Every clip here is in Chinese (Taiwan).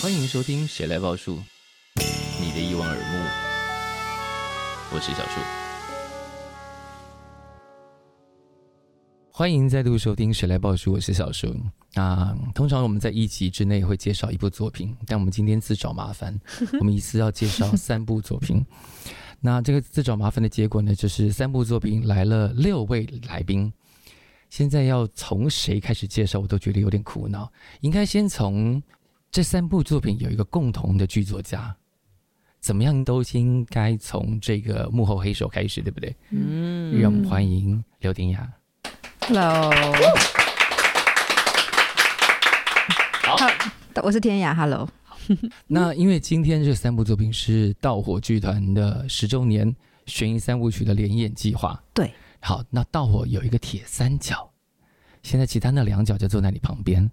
歡迎收聽《誰來報樹》，你的億萬耳目，我是小樹。歡迎再度收聽《誰來報樹》，我是小樹。那、啊、通常我們在一集之內會介紹一部作品，但我們今天自找麻煩，我們一次要介紹三部作品。 那這個自找麻煩的結果呢，就是三部作品來了六位來賓。現在要從誰開始介紹，我都覺得有點苦惱。應該先從這三部作品有一個共同的劇作家，怎麼樣都應該從這個幕後黑手開始，對不對？嗯。讓我們歡迎劉天涯。Hello。 Hello. 好，我是天涯。Hello。 那因為今天這三部作品是盜火劇團的十周年懸疑三部曲的聯演計劃。對，好，那盜火有一個鐵三角，現在其他那兩角就坐在你旁邊。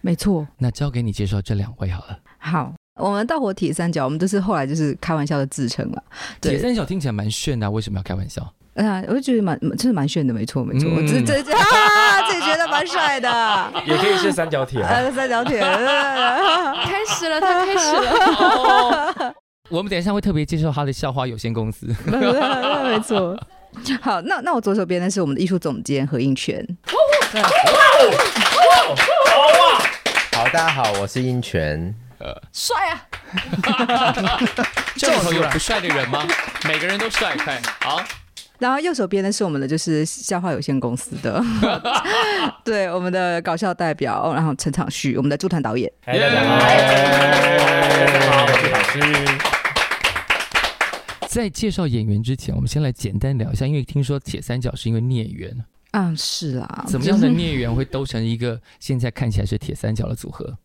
沒錯，那交給你介紹這兩位好了。好，我們盜火鐵三角，我們都是後來就是開玩笑的自稱了。鐵三角聽起來蠻炫的，為什麼要開玩笑？嗯、啊，我就覺得蠻，真的蠻炫的，沒錯沒錯，我這這啊，自己覺得蠻帥的，也可以是三角鐵啊，啊，三角鐵，開始了、啊，他開始了，哦、 我們等一下會特別介紹他的校花有限公司，嗯、 那那沒錯沒錯，好，那那我左手邊的是我們的藝術總監何應權、哦哦哦哦哦哦哦哦，好大家好，我是應權帥啊， 這頭有不帥的人嗎？ 每個人都帥，可以好。然後右手邊呢，是我們的，就是笑話有限公司的 對，對我們的搞笑代表，哦、然後陳昶旭，我們的駐團導演。大家好，我、yeah, 是老師。Okay, 在介紹演員之前，我們先來簡單聊一下，因為聽說鐵三角是因為孽緣。啊、嗯，是啦。怎麼樣的孽緣會都成一個現在看起來是鐵三角的組合？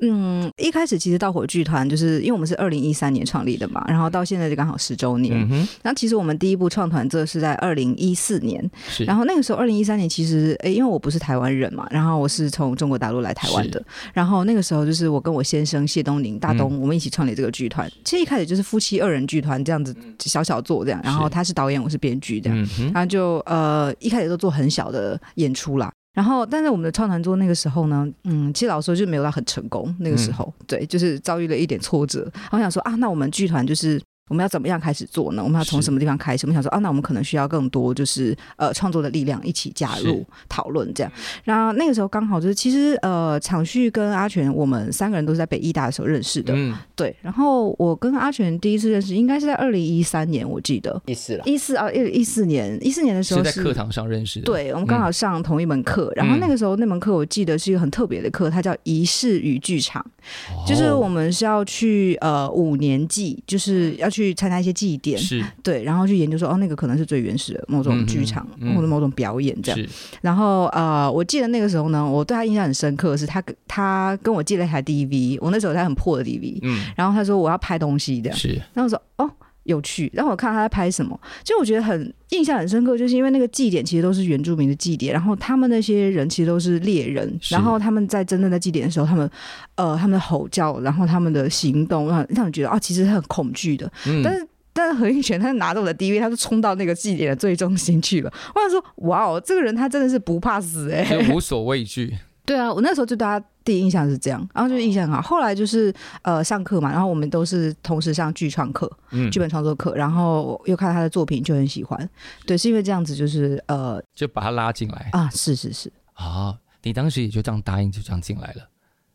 嗯，一開始其實盜火劇團，就是因為我們是二零一三年創立的嘛，然後到現在就剛好十周年。然、嗯、後其實我們第一部創團，這是在二零一四年。然後那個時候，二零一三年其實，哎、欸，因為我不是台灣人嘛，然後我是從中國大陸來台灣的。然後那個時候，就是我跟我先生謝東寧大東，我們一起創立這個劇團、嗯。其實一開始就是夫妻二人劇團這樣子，小小做這樣。然後他是導演，我是編劇這樣、嗯。然後就呃，一開始都做很小的演出啦。然後，但是我們的創團作那個時候呢，嗯，其實老實說就沒有到很成功那個時候、嗯，對，就是遭遇了一點挫折。我想說啊，那我們劇團就是。我們要怎麼樣開始做呢？我們要從什麼地方開始？我們想說，啊，那我們可能需要更多，就是呃，創作的力量一起加入討論，這樣。然後那個時候剛好就是，其實呃，昶旭跟阿全，我們三個人都是在北藝大的時候認識的。嗯，對。然後我跟阿全第一次認識，應該是在二零一三年，我記得一四一四啊，二零一四年，一四年的時候是，是在課堂上認識的。對，我們剛好上同一門課，嗯。然後那個時候那門課我記得是一個很特別的課，它叫儀式與劇場，哦，就是我們是要去呃五年級，就是要去。去參加一些祭典，對，然後去研究說，哦，那個可能是最原始的某種劇場或者，嗯嗯、某種表演這樣。然後呃，我記得那個時候呢，我對他印象很深刻的是他他跟我借了一台 DV，我那時候一台很破的 DV，嗯，然後他說我要拍東西這樣，是，然後我說哦。有趣，然後我看他在拍什麼。就我覺得很印象很深刻，就是因為那個祭典其實都是原住民的祭典，然後他們那些人其實都是獵人，然後他們在真正的祭典的時候，他們呃他們的吼叫，然後他們的行動，讓讓你覺得啊其實是很恐懼的。嗯、但是但是何應權他拿著我的 DV，他就衝到那個祭典的最中心去了。我想說，哇哦，這個人他真的是不怕死哎、欸，無所畏懼。 對啊，我那時候就對他。第一印象是這樣，然後就是印象很好。後來就是呃上課嘛，然後我們都是同時上劇創課、嗯、劇本創作課，然後又看他的作品就很喜歡。對，是因為這樣子就是呃，就把他拉進來啊，是是是。啊、哦，你當時也就這樣答應，就這樣進來了。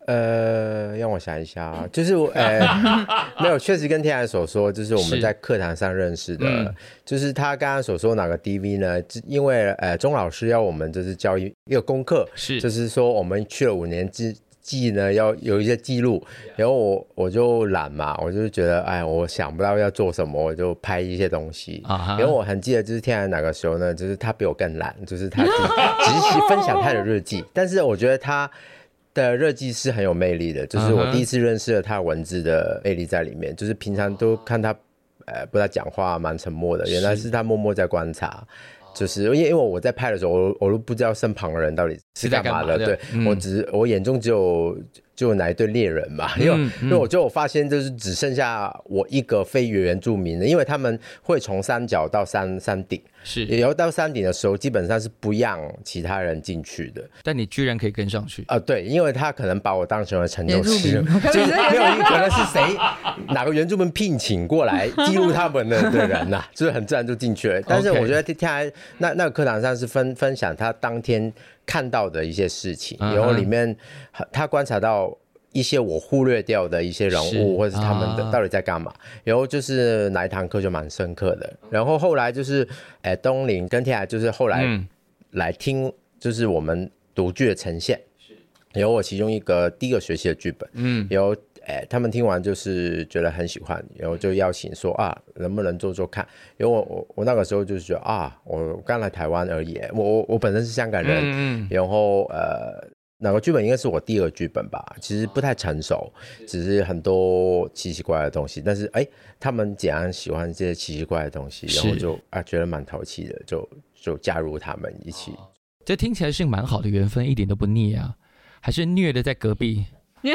呃，讓我想一下啊，就是、欸、 我，沒有，確實跟天涯所說，就是我們在課堂上認識的，是嗯、就是他剛剛所說哪個 DV 呢？因為呃，鍾老師要我們就是交一一個功課，是，就是說我們去了五年之季呢，要有一些記錄。然後我我就懶嘛，我就覺得哎、欸，我想不到要做什麼，我就拍一些東西。然、uh、後 -huh、我很記得就是天涯哪個時候呢，就是他比我更懶，就是他只是分享他的日記， 但是我覺得他。的日記是很有魅力的，就是我第一次認識了他文字的魅力在裡面。Uh -huh. 就是平常都看他，uh -huh. 呃，不太講話，蠻沉默的，原來是他默默在觀察。Uh -huh. 就是因為因為我在拍的時候，我我都不知道身旁的人到底是干嘛的。嘛對、嗯、我只我眼中只有就有哪一對獵人嘛，因為、嗯、因為我就我發現就是只剩下我一個非原,原住民的，因為他們會從山腳到山山頂。是，然後到山頂的時候，基本上是不讓其他人進去的。但你居然可以跟上去啊？呃。對，因為他可能把我當成,成了陳友熙， 就是沒有，可能是誰 哪個原住民聘請過來記錄他們的的人吶，啊， 就是很自然就進去了。但是我覺得他，那那個課堂上是分分享他當天看到的一些事情，uh -huh. 然後裡面他觀察到。一些我忽略掉的一些人物，或者是他們的到底在幹嘛、啊？然後就是哪一堂課就蠻深刻的。然後後來就是，哎，東林跟天涯就是後來、嗯、來聽，就是我們讀劇的呈現。是，然後我其中一個第一個學期的劇本，嗯，然後哎，他們聽完就是覺得很喜歡，然後就邀請說啊，能不能做做看？因為我我,我那個時候就是說啊，我剛來台灣而已，我我我本身是香港人，嗯、然後呃。哪個劇本應該是我第二劇本吧？其實不太成熟，啊、是只是很多奇奇怪怪的東西。但是哎，他們竟然喜歡這些奇奇怪怪的東西，然後就啊覺得蠻投契的，就就加入他們一起、啊。這聽起來是蠻好的緣分，一點都不虐啊，還是虐的在隔壁。 沒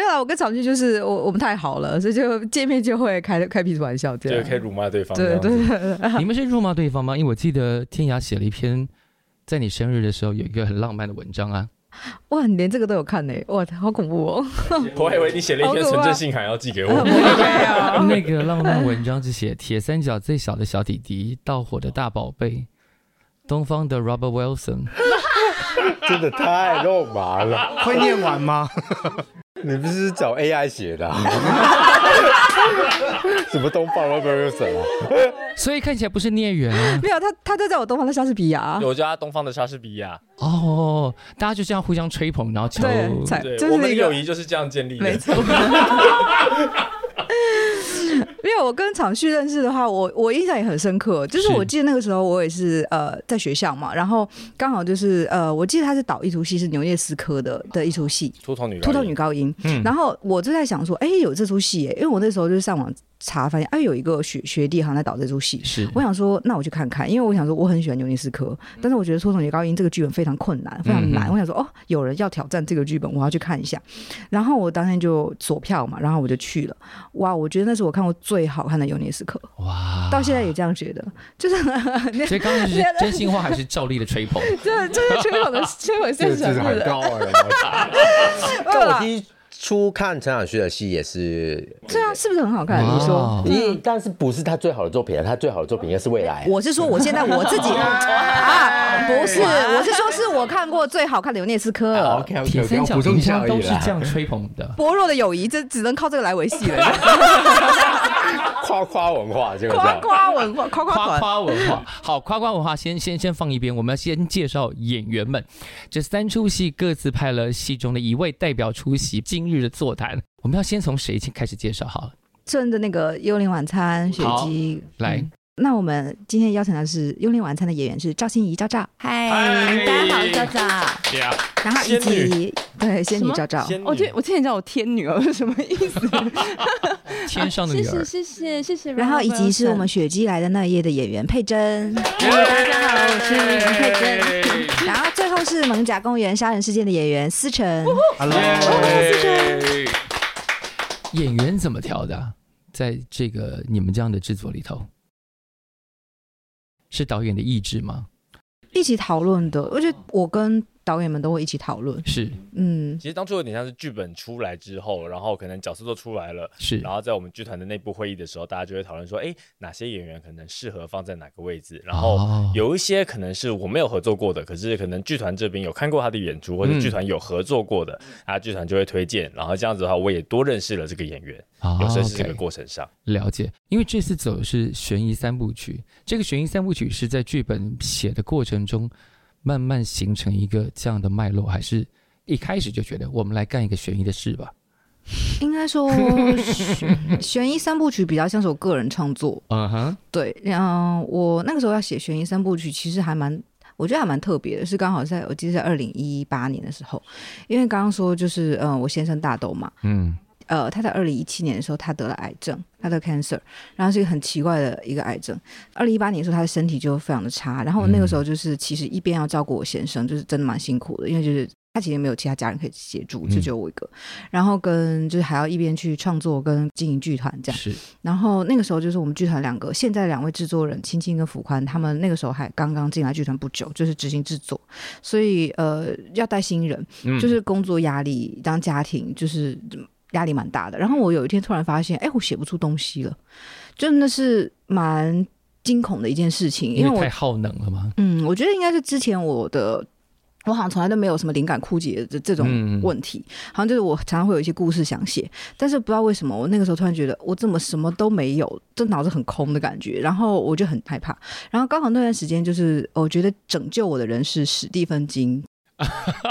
有啊，我跟昶旭就是我我們太好了，所以就見面就會開開屁玩笑，這樣就可以辱罵對方。對對， 你們是辱罵對方嗎？因為我記得天涯寫了一篇。在你生日的時候有一個很浪漫的文章啊！哇，你連這個都有看呢！哇，好恐怖哦！我還以為你寫了一篇純粹信函要寄給我。那個浪漫文章是寫鐵三角最小的小弟弟，盜火的大寶貝，東方的 Robert Wilson。 真的太肉麻了，會念完嗎？ 你不是找 AI 寫的，啊？ 什麼東方的莎士比亞？ 所以看起來不是孽緣。沒有他，他都叫我東方的莎士比亞。我叫他東方的莎士比亞。哦，哦，哦哦哦，大家就這樣互相吹捧，然後就對，對，我們的友誼就是這樣建立的。沒錯。 因為我跟廠旭認識的話，我我印象也很深刻，就是我記得那個時候我也是，是呃在學校嘛，然後剛好就是呃我記得他是導一出戲是《牛葉斯科的》的的一出戲，禿頭女禿頭女高音，然後我就在想說，哎、嗯，欸，有這出戲，欸，因為我那時候就是上網。查發現，哎，有一個學學弟好像在導這齣戲，是。我想說，那我去看看，因為我想說，我很喜歡尤尼斯科、嗯，但是我覺得《禿頭女高音》這個劇本非常困難、嗯，非常難。我想說，哦，有人要挑戰這個劇本，我要去看一下。然後我當天就索票嘛，然後我就去了。哇，我覺得那是我看過最好看的尤尼斯科。哇，到現在也這樣覺得，就是。 所以剛才是真心話還是照例的吹捧？真的，真吹捧的吹捧現場，真 的、就是就是、很高啊、欸！ 跟我第一。初看陳昶旭的戲也是，對啊對對，是不是很好看？你，哦、說、嗯，但是不是他最好的作品、啊？他最好的作品應該是未來、啊。我是說，我現在我自己啊，不 是，我是說，是我看過最好看的尤涅斯科。o、啊、生，OK，, okay, okay 小我要一下，都是這樣吹捧的、嗯。薄弱的友誼，這只能靠這個來維繫了。 誇誇文化，就是、這個誇誇文化誇誇，誇誇文化，好，誇誇文化，先先先放一邊，我們要先介紹演員們。這三出戲各自派了戲中的一位代表出席今日的座談，我們要先從誰先開始介紹？好了，趁着那個《幽靈晚餐》，雪姬、嗯、來。那我們今天邀請的是《幽靈晚餐》的演員是趙欣怡、趙趙，嗨，大家好，趙趙，yeah, 然後以及對仙女趙趙，我覺、oh, 我之前叫我天女哦，什麼意思？ 天上的女兒，謝謝謝謝謝謝。然後以及是我們《雪姬來的那一夜》的演員，的的演員，的的演員佩真，大家好，我是佩真。然後最後是《萌甲公園》殺人事件的演員思辰 Hello, 思辰。 演員怎麼調的、啊？在這個你們這樣的制作裡頭？是導演的意志嗎？一起討論的，而且我跟。導演們都會一起討論，是，嗯，其實當初有點像是劇本出來之後，然後可能角色都出來了，是，然後在我們劇團的內部會議的時候，大家就會討論說，誒、欸，哪些演員可能適合放在哪個位置，然後、哦、有一些可能是我沒有合作過的，可是可能劇團這邊有看過他的演出或者劇團有合作過的，嗯、啊，劇團就會推薦，然後這樣子的話，我也多認識了這個演員，哦、有認識這個過程上、哦 okay、了解，因為這次走的是懸疑三部曲，這個懸疑三部曲是在劇本寫的過程中。慢慢形成一個這樣的脈絡，還是一開始就覺得我們來幹一個懸疑的事吧？應該說懸懸疑三部曲比較像是我個人創作，嗯哼，對，然、呃、後我那個時候要寫懸疑三部曲，其實還蠻我覺得還蠻特別的，是剛好在我記得在二零一八年的時候，因為剛剛說就是嗯、呃，我先生大斗嘛，嗯。呃，他在二零一七年的時候，他得了癌症，他得 cancer，然後是一個很奇怪的一個癌症。二零一八年的時候，他的身體就非常的差。然後那個時候，就是其實一邊要照顧我先生，嗯，就是真的蠻辛苦的，因為就是他其實沒有其他家人可以協助，就只有我一個。嗯，然後跟就是還要一邊去創作跟經營劇團這樣。是然後那個時候，就是我們劇團兩個，現在兩位制作人青青跟浮寬，他們那個時候還剛剛進來劇團不久，就是執行制作，所以呃要帶新人，就是工作壓力當家庭就是。嗯壓力蠻大的，然後我有一天突然發現，哎，我寫不出東西了，真的是蠻驚恐的一件事情，因為我，因為太耗能了嘛。嗯，我覺得應該是之前我的，我好像從來都沒有什麼靈感枯竭的這種問題，嗯嗯，好像就是我常常會有一些故事想寫，但是不知道為什麼，我那個時候突然覺得我怎麼什麼都沒有，這腦子很空的感覺，然後我就很害怕。然後剛好那段時間，就是我覺得拯救我的人是史蒂芬金。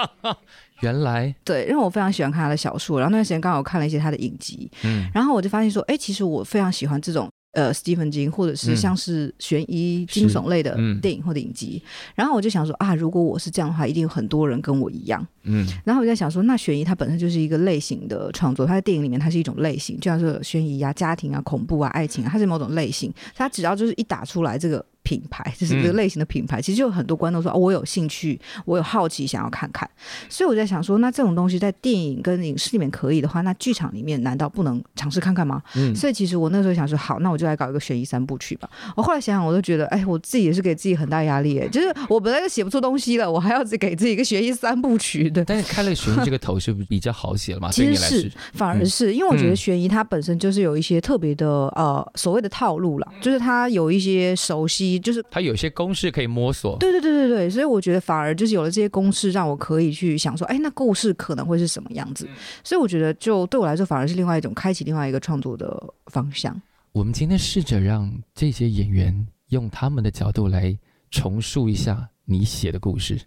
原來對，因為我非常喜歡看他的小說，然後那段時間剛好我看了一些他的影集，嗯，然後我就發現說，哎、欸，其實我非常喜歡這種呃，Stephen King，或者是像是懸疑驚悚類的電影或者影集，嗯，是，嗯，然後我就想說啊，如果我是這樣的話，一定有很多人跟我一樣，嗯，然後我就在想說，那懸疑它本身就是一個類型的創作，它在電影裡面它是一種類型，就像是懸疑啊、家庭啊、恐怖啊、愛情啊，它是某種類型，它只要就是一打出來這個。品牌，就是這個類型的品牌，嗯、其實就有很多觀眾說、哦，我有興趣，我有好奇，想要看看。所以我在想說，那這種東西在電影跟影視裡面可以的話，那劇場裡面難道不能嘗試看看嗎？嗯，所以其實我那時候想說，好，那我就來搞一個懸疑三部曲吧。我後來想想，我都覺得，哎，我自己也是給自己很大壓力、欸，哎，就是我本來就寫不出東西了，我還要給自己一個懸疑三部曲的。但是開了懸疑這個頭，是不是比較好寫了嘛？ 其實是、反而是、嗯，因為我覺得懸疑它本身就是有一些特別的、嗯、呃所謂的套路了，就是它有一些熟悉。就是他有些公式可以摸索，對對對對對，所以我覺得反而就是有了這些公式，讓我可以去想說，哎，那故事可能會是什麼樣子？所以我覺得，就對我來說，反而是另外一種開啟另外一個創作的方向。我們今天試着讓這些演員用他們的角度來重述一下你寫的故事，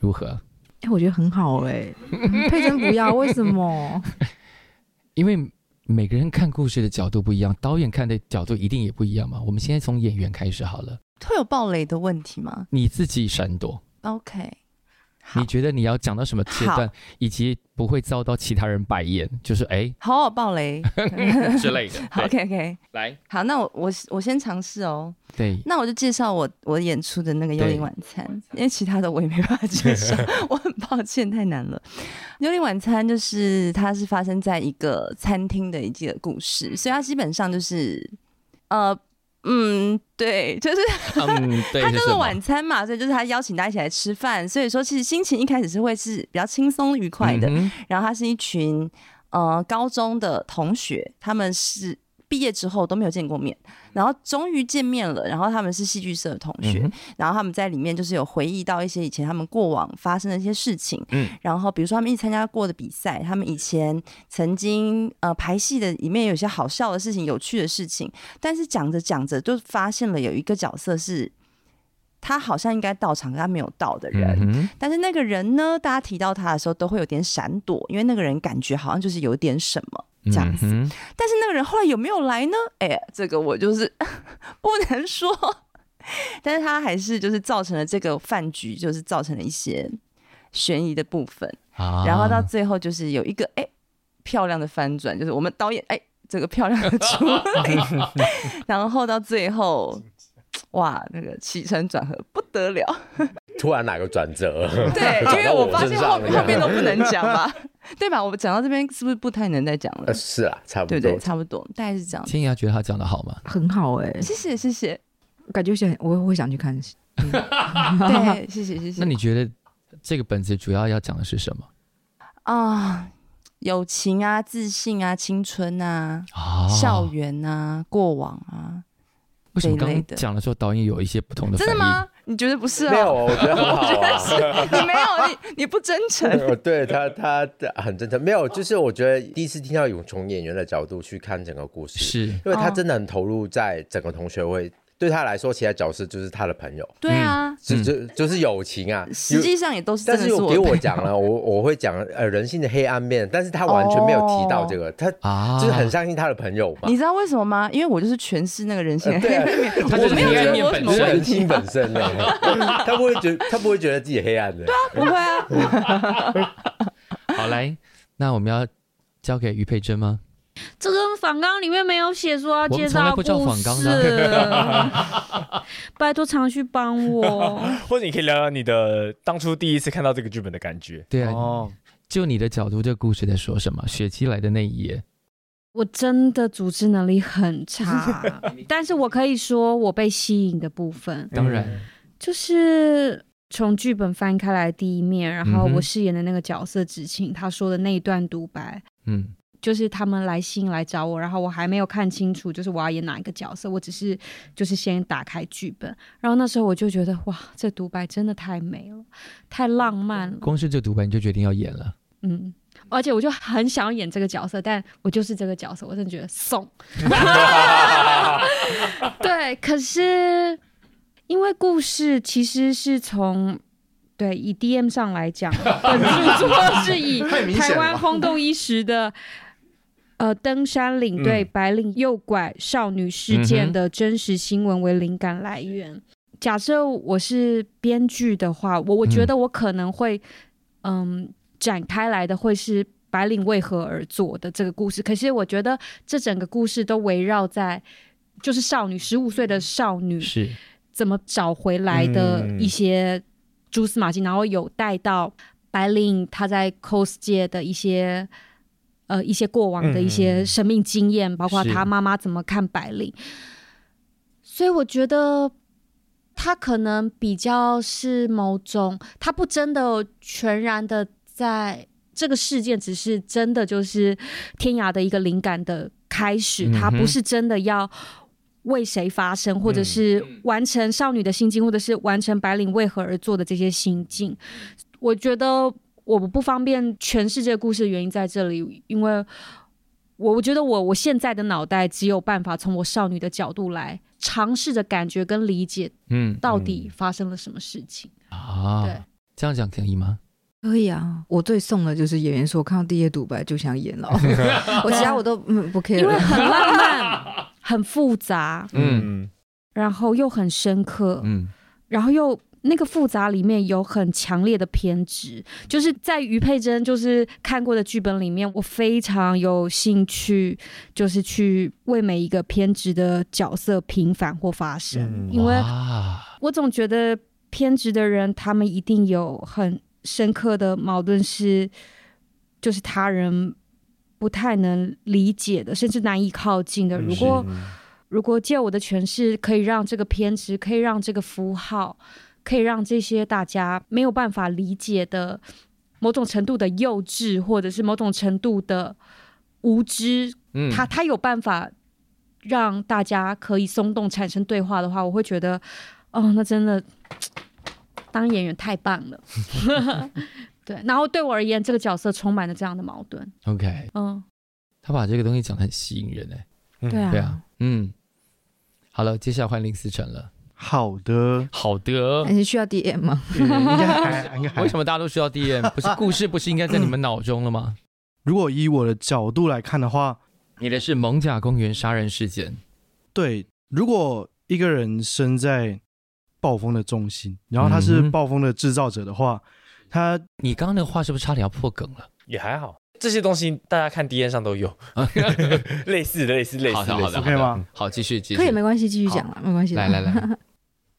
如何？哎，我覺得很好哎、欸，佩 真、嗯、不要為什麼？ 因為。每個人看故事的角度不一樣，導演看的角度一定也不一樣嘛。我們現在從演員開始好了。會有爆雷的問題嗎？你自己閃躲。OK。你覺得你要講到什麼階段，以及不會遭到其他人白眼，就是哎、欸，好好爆雷 之類的。OK OK，來，好，那我我我先嘗試哦。對，那我就介紹我我演出的那個《幽靈晚餐》，因為其他的我也沒辦法介紹， 我很抱歉，太難了。《幽靈晚餐》就是它，是發生在一個餐廳的一件故事，所以它基本上就是呃。嗯，對，就是、嗯、 他就是晚餐嘛，嗯，是是，所以就是他邀請大家一起來吃飯，所以說其實心情一開始是會是比較輕鬆愉快的。嗯嗯，然後他是一群呃高中的同學，他們是。畢業之後都沒有見過面，然後終於見面了。然後他們是戲劇社的同學，嗯，然後他們在裡面就是有回憶到一些以前他們過往發生的一些事情。嗯，然後比如說他們一起參加過的比賽，他們以前曾經呃排戲的裡面有些好笑的事情，有趣的事情，但是講着講着就發現了有一個角色是他好像應該到場，他沒有到的人、嗯。但是那個人呢？大家提到他的時候都會有點閃躲，因為那個人感覺好像就是有點什麼這樣子、嗯。但是那個人後來有沒有來呢？哎、欸，這個我就是不能說。但是他還是就是造成了這個飯局，就是造成了一些懸疑的部分、啊。然後到最後就是有一個哎、欸、漂亮的翻轉，就是我們導演哎、欸、這個漂亮的處 然後到最後。哇，那個起承轉合不得了！ 突然哪個轉折？ 對，因為我發現後面 後面都不能講了， 對吧？我們講到這邊是不是不太能再講了、呃？是啊，差不多，對，對差不多，大概是這樣。天涯覺得他講得好嗎？很好哎、欸，謝謝謝謝，感覺想我會想去看。 對，謝謝謝謝。那你覺得這個本子主要要講的是什麼？啊、哦，友情啊，自信啊，青春啊，哦、校園啊，過往啊。為什麼剛剛講的時候，導演有一些不同的反應類類的？真的嗎？你覺得不是啊？ 沒有，我覺得很好、啊、 我覺得是你沒有你，你你不真誠。 對他，他很真誠。沒有，就是我覺得第一次聽到有從演員的角度去看整個故事， 是因為他真的很投入在整個同學會。 啊對他來說，其他角色就是他的朋友。對、嗯、啊，就就、嗯、就是友情啊。實際上也都是。但是我給我講了， 我我會講呃人性的黑暗面，但是他完全沒有提到這個，哦、他就是很相信他的朋友嘛、啊。你知道為什麼嗎？因為我就是詮釋那個人性的黑暗面，他、呃啊、沒有覺得什人性本身的，身 他不會覺他不會覺得自己黑暗的， 對啊，不會啊。 好，來，那我們要交給余佩真嗎？這跟訪綱裡面沒有寫說要介紹故事， 拜托昶旭幫我。 或者你可以聊聊你的當初第一次看到這個劇本的感覺。對啊，哦、就你的角度，這故事在說什麼？雪姬來的那一夜，我真的組織能力很差， 但是我可以說我被吸引的部分，當然就是從劇本翻開來第一面，然後我飾演的那個角色指情、嗯、他說的那一段獨白，嗯。嗯就是他們來信來找我，然後我還沒有看清楚，就是我要演哪一個角色，我只是就是先打開劇本，然後那時候我就覺得哇，這獨白真的太美了，太浪漫了。光是這獨白你就決定要演了，嗯，而且我就很想演這個角色，但我就是這個角色，我真的覺得送。 對，可是因為故事其實是從對以 D M 上來講，主 要是以台灣轟動一時的。呃，登山領隊、嗯、白領誘拐少女事件的真實新聞為靈感來源。嗯、假設我是編劇的話，我我覺得我可能會，嗯，嗯展開來的會是白領為何而做的這個故事。可是我覺得這整個故事都圍繞在，就是少女十五歲的少女是怎麼找回來的一些蛛絲馬跡，嗯、然後有帶到白領他在 cos 界的一些。呃，一些過往的一些生命經驗，嗯、包括他媽媽怎麼看白領，所以我覺得他可能比較是某種，他不真的全然的在這個事件，只是真的就是天涯的一個靈感的開始，嗯、他不是真的要為誰發聲、嗯，或者是完成少女的心境，或者是完成白領為何而做的這些心境，我覺得。我不方便詮釋這個故事的原因在這裡，因為我我覺得我我現在的腦袋只有辦法從我少女的角度來嘗試着感覺跟理解，嗯，到底發生了什麼事情、嗯嗯、啊？對，這樣講可以嗎？可以啊，我最送的就是演員說，說我看到第一獨白就想演了， 我其他我都、 嗯、不可以，因為很浪漫， 很複雜，嗯，然後又很深刻，嗯，然後又。那個複雜裡面有很強烈的偏執，就是在余佩真就是看過的劇本裡面，我非常有興趣，就是去為每一個偏執的角色平反或發聲，嗯，因為我總覺得偏執的人他們一定有很深刻的矛盾，是就是他人不太能理解的，甚至難以靠近的。嗯、如果、嗯、如果借我的詮釋，可以讓這個偏執，可以讓這個符號，可以讓這些大家沒有辦法理解的某種程度的幼稚，或者是某種程度的無知，嗯，他他有辦法讓大家可以鬆動，產生對話的話，我會覺得，哦，那真的當演員太棒了。 對，然後對我而言，這個角色充滿了這樣的矛盾。OK，嗯，他把這個東西講的很吸引人哎、欸，對啊， 對啊，嗯，好了，接下來換林思辰了。好的，好的。你是需要 D M 嗎？嗯、 為什麼大家都需要 D M？不是故事，不是應該在你們腦中了嗎？如果以我的角度來看的話，你的是蒙甲公園殺人事件。對，如果一個人身在暴風的中心，然後他是暴風的制造者的話，嗯、他……你剛剛的話是不是差點要破梗了？也還好，這些東西大家看 D M 上都有， 類似的，類似，類似好的，OK 嗎？好，繼續，繼續，可以沒關係，繼續講了，沒關係，來來來。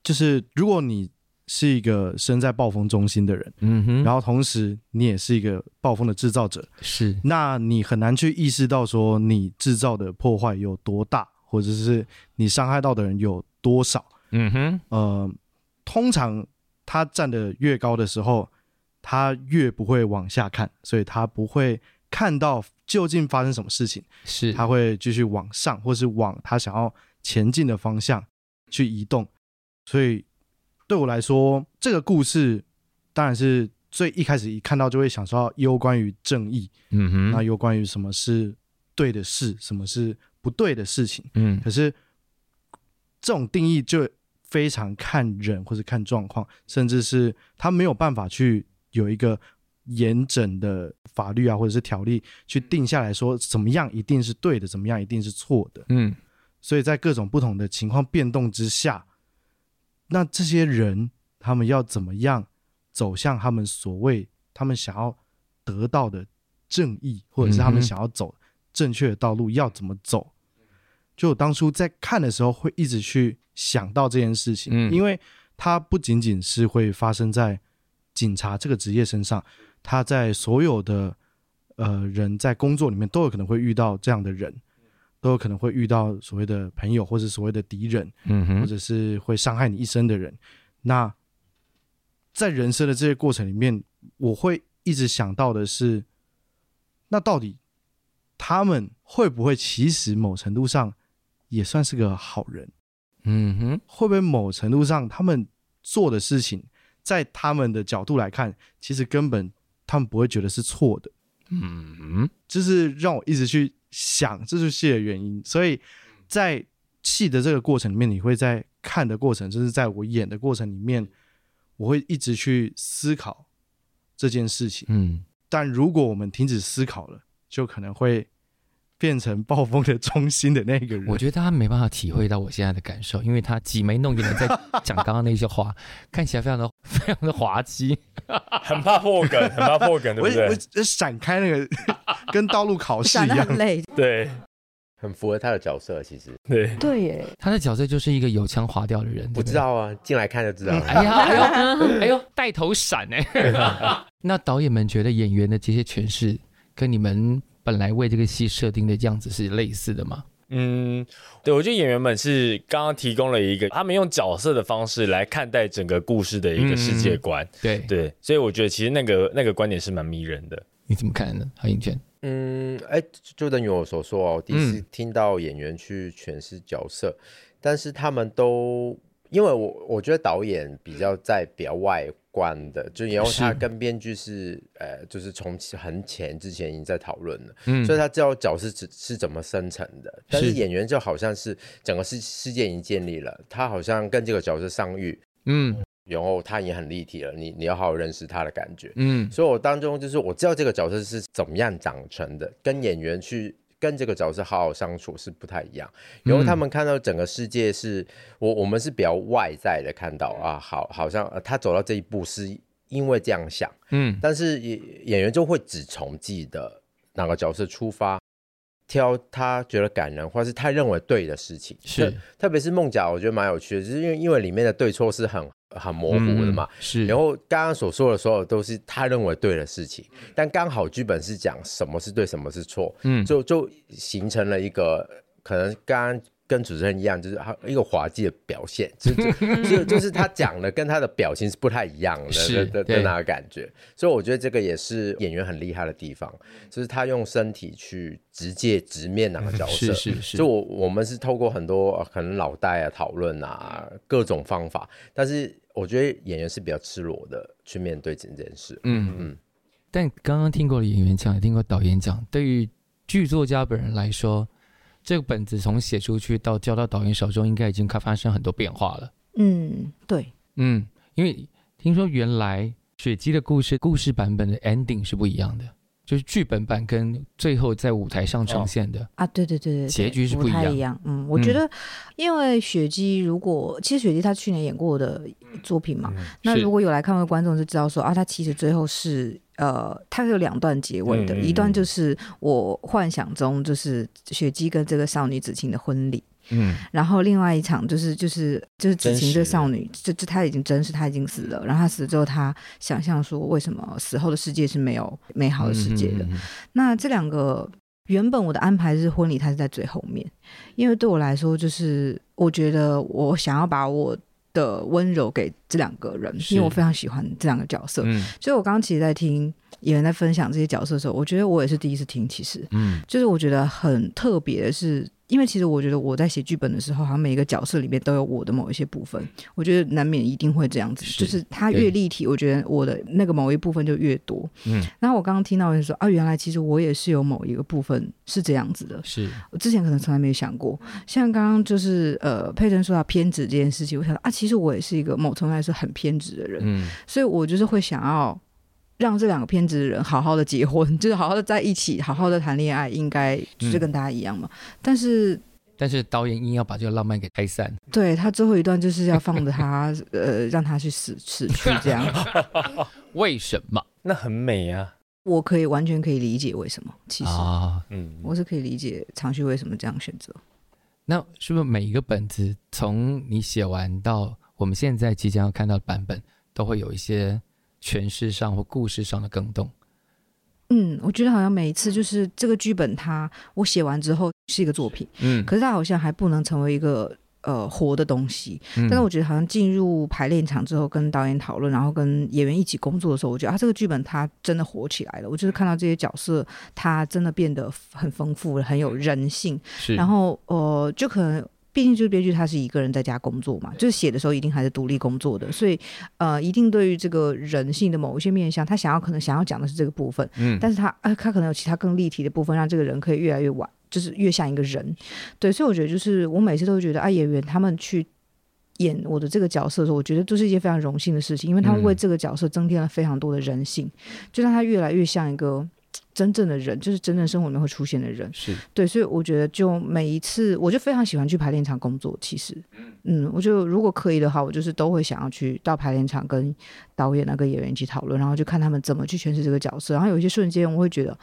就是如果你是一個身在暴風中心的人，嗯哼，然後同時你也是一個暴風的製造者，是，那你很難去意識到說你製造的破壞有多大，或者是你傷害到的人有多少，嗯哼，呃，通常他站得越高的時候，他越不會往下看，所以他不會看到究竟發生什麼事情，是，他會繼續往上，或是往他想要前進的方向去移動。所以，對我來說，這個故事當然是最一開始一看到就會想說，有關於正義，嗯哼，那有關於什麼是對的事，什麼是不對的事情，嗯，可是這種定義就非常看人或是看狀況，甚至是他沒有辦法去有一個嚴整的法律啊，或者是條例去定下來說怎麼樣一定是對的，怎麼樣一定是錯的，嗯，所以在各種不同的情況變動之下。那這些人，他們要怎麼樣走向他們所謂他們想要得到的正義，或者是他們想要走正確的道路，要怎麼走？就當初在看的時候，會一直去想到這件事情，因為它不僅僅是會發生在警察這個職業身上，他在所有的呃人，在工作裡面都有可能會遇到這樣的人。都有可能會遇到所謂的朋友，或者所謂的敵人，嗯哼，或者是會傷害你一生的人。那在人生的這些過程裡面，我會一直想到的是，那到底他們會不會其實某程度上也算是個好人？嗯哼，會不會某程度上他們做的事情，在他們的角度來看，其實根本他們不會覺得是錯的？嗯哼，就是讓我一直去。想這是戲的原因，所以在戲的這個過程裡面，你會在看的過程，就是在我演的過程裡面，我會一直去思考這件事情。嗯，但如果我們停止思考了，就可能會。變成暴風的中心的那個人，我覺得他沒辦法體會到我現在的感受，因為他擠眉弄眼的在講剛剛那些話， 看起來非常的非常的滑稽， 很怕破梗，很怕破梗， 對不對？我我閃開那個，跟道路考試一樣，閃得很累。對，很符合他的角色，其實對對耶，他的角色就是一個油腔滑調的人對對，我知道啊，進來看就知道了。嗯、哎呀 哎，哎呦，帶頭閃呢、欸。 那導演們覺得演員的這些詮釋跟你們？本來為這個戲設定的樣子是類似的嗎？嗯，對，我覺得演員們是剛剛提供了一個他們用角色的方式來看待整個故事的一個世界觀。嗯、對對，所以我覺得其實那個那個觀點是蠻迷人的。你怎麼看呢？何應權？嗯，哎，就等於我所說哦，我第一次聽到演員去詮釋角色，嗯、但是他們都因為我我覺得導演比較在比較外。關的，就然後他跟編劇是,是，呃，就是從很前之前已經在討論了，嗯，所以他知道角色是,是怎麼生成的，但是演員就好像是整個世世界已經建立了，他好像跟這個角色相遇，嗯，然後他也很立體了，你你要好好認識他的感覺，嗯，所以我當中就是我知道這個角色是怎麼樣長成的，跟演員去。跟這個角色好好相處是不太一樣，因為他們看到整個世界是、嗯、我我們是比較外在的看到啊，好好像、啊、他走到這一步是因為這樣想，嗯，但是演演員就會只從自己的那個角色出發，挑他覺得感人或是他認為對的事情，特是特別是夢甲，我覺得蠻有趣的，就是因為因為裡面的對錯是很。很模糊的嘛、嗯，是。然後剛剛所說的所有都是他認為對的事情，但剛好劇本是講什麼是對，什麼是錯，嗯，就就形成了一個可能剛剛跟主持人一樣，就是一個滑稽的表現，就就 就，就是他講的跟他的表情是不太一樣的，是 的，的的的的那個感覺。所以我覺得這個也是演員很厲害的地方，就是他用身體去直接直面那個角色， 是是是。就我我們是透過很多可能腦袋啊討論啊各種方法，但是。我覺得演員是比較赤裸的去面對整件事，嗯嗯。但剛剛聽過了演員講，也聽過導演講，對於劇作家本人來說，這個本子從寫出去到交到導演手中，應該已經開始發生很多變化了。嗯，對，嗯，因為聽說原來雪姬的故事故事版本的 ending 是不一樣的。就是劇本版跟最後在舞台上呈現的、哦、啊，對對對對，結局是不一樣、不太一樣。嗯，我覺得，因為雪姬如果其實雪姬她去年演過我的作品嘛、嗯，那如果有來看過的觀眾就知道說啊，她其實最後是呃，她有兩段結尾的、嗯，一段就是我幻想中就是雪姬跟這個少女子青的婚禮。嗯，然後另外一場就是就是就是子晴這少女，這這她已經真是，她已經死了。然後她死了之後，她想象說為什麼死後的世界是沒有美好的世界的。嗯、那這兩個原本我的安排是婚禮，她是在最後面，因為對我來說，就是我覺得我想要把我的溫柔給這兩個人，是因為我非常喜歡這兩個角色。嗯、所以我剛剛其實，在聽演員在分享這些角色的時候，我覺得我也是第一次聽，其實嗯，就是我覺得很特別的是。因為其實我覺得我在寫劇本的時候，好像每一個角色裡面都有我的某一些部分，我覺得難免一定會這樣子，是就是它越立體，我覺得我的那個某一部分就越多。嗯，然後我剛剛聽到人說啊，原來其實我也是有某一個部分是這樣子的，是我之前可能從來沒想過。像剛剛就是呃，佩真說到偏執這件事情，我想到啊，其實我也是一個某從來是很偏執的人，嗯，所以我就是會想要。讓這兩個片子的人好好的結婚，就是好好的在一起，好好的談戀愛，應該就是跟大家一樣嘛。嗯、但是，但是導演硬要把這個浪漫給拆散。對，他最後一段就是要放着他， 呃，讓他去死死去這樣。 為什麼？ 那很美啊！我可以完全可以理解為什麼。其實啊，嗯、哦，我是可以理解昶旭為什麼這樣選擇嗯嗯。那是不是每一個本子從你寫完到我們現在即將要看到的版本，都會有一些？詮釋上或故事上的更動，嗯，我覺得好像每一次就是這個劇本它，它我寫完之後是一個作品，嗯，可是它好像還不能成為一個呃活的東西。嗯、但是我覺得好像進入排練場之後，跟導演討論，然後跟演員一起工作的時候，我覺得啊這個劇本它真的活起來了。我就是看到這些角色，它真的變得很豐富，很有人性。嗯、是然後呃，就可能。畢竟就是編劇，他是一個人在家工作嘛，就是寫的時候一定還是獨立工作的，所以，呃，一定對於這個人性的某一些面向，他想要可能想要講的是這個部分，嗯，但是他啊、呃，他可能有其他更立體的部分，讓這個人可以越來越完，就是越像一個人，對，所以我覺得就是我每次都會覺得啊，演員他們去演我的這個角色的時候，我覺得都是一件非常榮幸的事情，因為他們為這個角色增添了非常多的人性，嗯、就讓他越來越像一個。真正的人，就是真正生活裡面會出現的人，是，對，所以我覺得就每一次，我就非常喜歡去排練場工作。其實，嗯，我就如果可以的話，我就是都會想要去到排練場跟導演、那個演員一起討論，然後就看他們怎麼去詮釋這個角色。然後有一些瞬間，我會覺得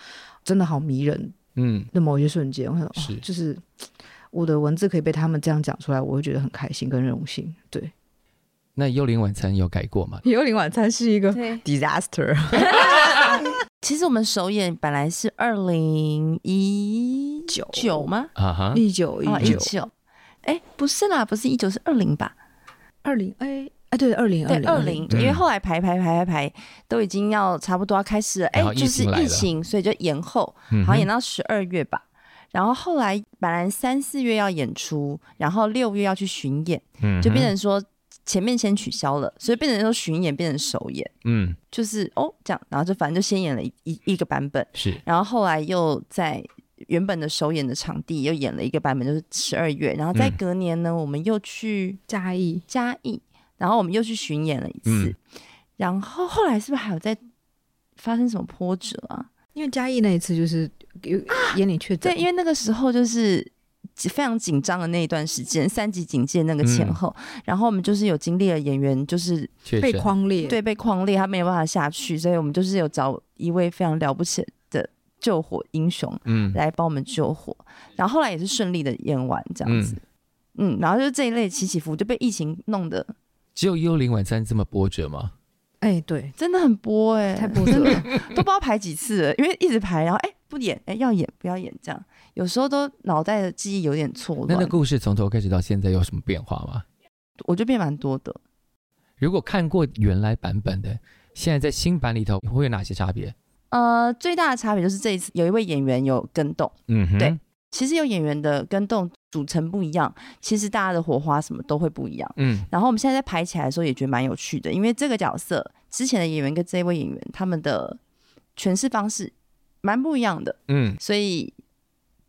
真的好迷人，嗯，那某一些瞬間，我想是、哦，就是我的文字可以被他們這樣講出來，我會覺得很開心跟榮幸。對，那幽靈晚餐有改過嗎？幽靈晚餐是一個 disaster、okay.。 其實我們首演本來是二零一九九嗎？啊哈，一九一九，哎，不是啦，不是一九是二零吧？二零哎哎對，二零對二零，2020, 2020, 因為後來排排排排排都已經要差不多要開始了，哎、嗯欸，就是疫情，所以就延後，好像延到十二月吧、嗯。然後後來本來三四月要演出，然後六月要去巡演，嗯、就變成說。前面先取消了，所以變成說巡演變成首演，嗯，就是哦這樣，然後就反正就先演了一一,一個版本，是，然後後來又在原本的首演的場地又演了一個版本，就是十二月，然後在隔年呢、嗯，我們又去嘉義，嘉義，然後我們又去巡演了一次、嗯，然後後來是不是還有在發生什麼波折啊？因為嘉義那一次就是有眼裡確診、啊，對，因為那個時候就是。非常緊張的那一段時間，三級警戒的那個前後、嗯，然後我們就是有經歷了演員就是被匡列，對被匡列，他沒有辦法下去，所以我們就是有找一位非常了不起的救火英雄，嗯，來幫我們救火、嗯，然後後來也是順利的演完這樣子嗯，嗯，然後就是這一類起起伏伏就被疫情弄得，只有幽靈晚餐這麼波折嗎？哎，對，真的很波哎、欸，太波折了， 都不知道排幾次了，因為一直排，然後哎不演，哎要演不要演這樣。有時候都腦袋的記憶有點錯亂。那那故事從頭開始到現在有什麼變化嗎？我覺得變蠻多的。如果看過原來版本的，現在在新版裡頭會有哪些差別？呃，最大的差別就是這一次有一位演員有跟動，嗯，對，其實有演員的跟動組成不一樣，其實大家的火花什麼都會不一樣，嗯。然後我們現在在排起來的時候也覺得蠻有趣的，因為這個角色之前的演員跟這一位演員他們的詮釋方式蠻不一樣的，嗯，所以。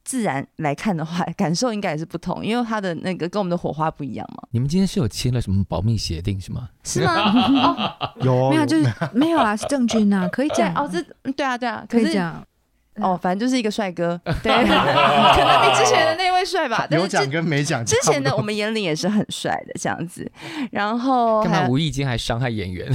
自然來看的話，感受應該也是不同，因為他的那個跟我們的火花不一樣嘛。你們今天是有簽了什麼保密協定是嗎？是嗎、 哦？有？沒有？就是 沒有啊，是鄭鈞啊，可以講 哦，這、嗯、對啊對啊，可以講哦，反正就是一個帥哥 對，對，對 可能比之前的那位帥吧。有講跟沒講，之前的我們眼裡也是很帥的這樣子，然後幹嘛無意間還傷害演員，